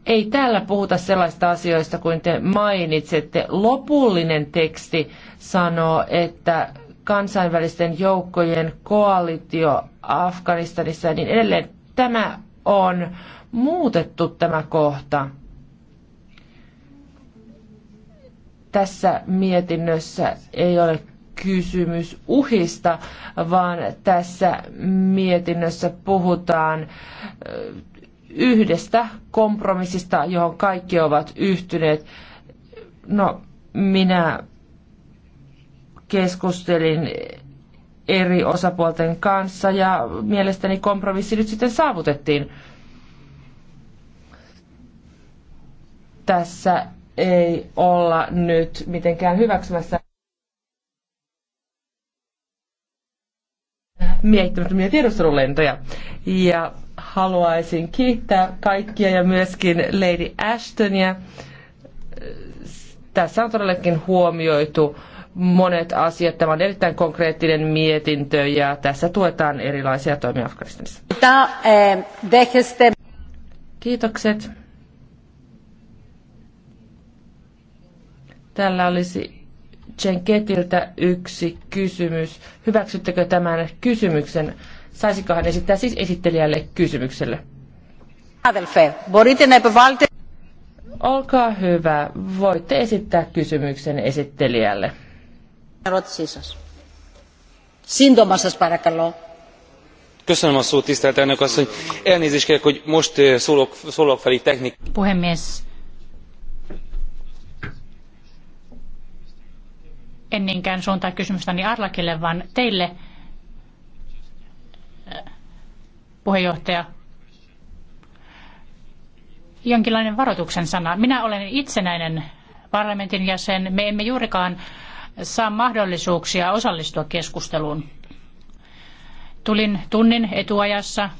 Ei täällä puhuta sellaista asioista kuin te mainitsette. Lopullinen teksti sanoo, että kansainvälisten joukkojen koalitio Afganistanissa ja niin edelleen. Tämä on muutettu tämä kohta tässä mietinnössä ei ole kysymys uhista, vaan tässä mietinnössä puhutaan yhdestä kompromissista, johon kaikki ovat yhtyneet. No, minä keskustelin eri osapuolten kanssa ja mielestäni kompromissi nyt sitten saavutettiin. Tässä ei olla nyt mitenkään hyväksymässä miehittämättömiä tiedustelulentoja. Ja haluaisin kiittää kaikkia ja myöskin Lady Ashtonia. Tässä on todellakin huomioitu monet asiat. Tämä on erittäin konkreettinen mietintö ja tässä tuetaan erilaisia toimia Afganistanissa. Eh, Kiitokset. Tällä olisi Ketiltä yksi kysymys. Hyväksyttekö tämän kysymyksen? Saisiko hän esittää siis esittelijälle kysymykselle? Olkaa hyvä. Voitte esittää kysymyksen esittelijälle ερώτησή σας. Σύντομα σας παρακαλώ. Köszönöm a szót, tisztelt elnök asszony. Elnézést kérek, hogy most eh, szólok, szólok fel így technik. Puhemies. En niinkään suuntaa kysymystäni Arlakille, vaan teille, eh, puheenjohtaja jonkinlainen varoituksen sana. Minä olen itsenäinen parlamentin jäsen. Me emme juurikaan saa mahdollisuuksia osallistua keskusteluun. Tulin tunnin etuajassa,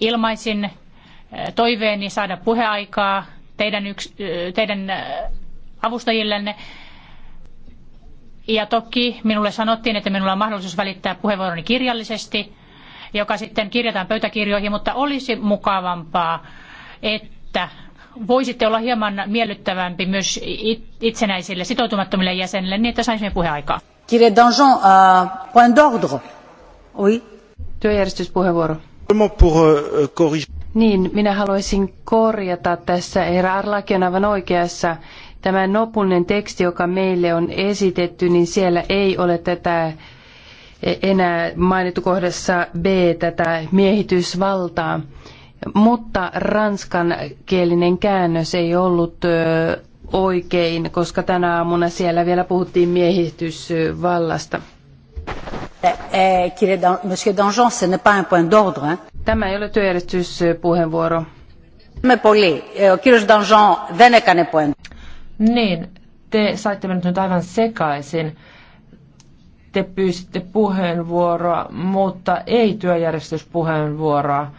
ilmaisin eh, toiveeni saada puheaikaa teidän, yks, eh, teidän eh, avustajillenne. Ja toki minulle sanottiin, että minulla on mahdollisuus välittää puheenvuoroni kirjallisesti, joka sitten kirjataan pöytäkirjoihin, mutta olisi mukavampaa, että voisitte olla hieman miellyttävämpi myös itsenäisille sitoutumattomille jäsenille, niin että saisimme puheaikaa. Kirje Danjon, uh, point d'ordre. Oui. Työjärjestyspuheenvuoro. Euh, euh, niin, minä haluaisin korjata tässä. Herra Arlaki on aivan oikeassa. Tämä lopullinen teksti, joka meille on esitetty, niin siellä ei ole tätä e, enää mainittu kohdassa B, tätä miehitysvaltaa. Mutta ranskankielinen käännös ei ollut oikein, koska tänä aamuna siellä vielä puhuttiin miehitysvallasta. Eh, eh, monsieur Dangean, ce n'est pas un point d'ordre. Tämä ei ole työjärjestyspuheenvuoro. Me poli. point. Niin, te saitte minut nyt aivan sekaisin. Te pyysitte puheenvuoroa, mutta ei työjärjestyspuheenvuoroa.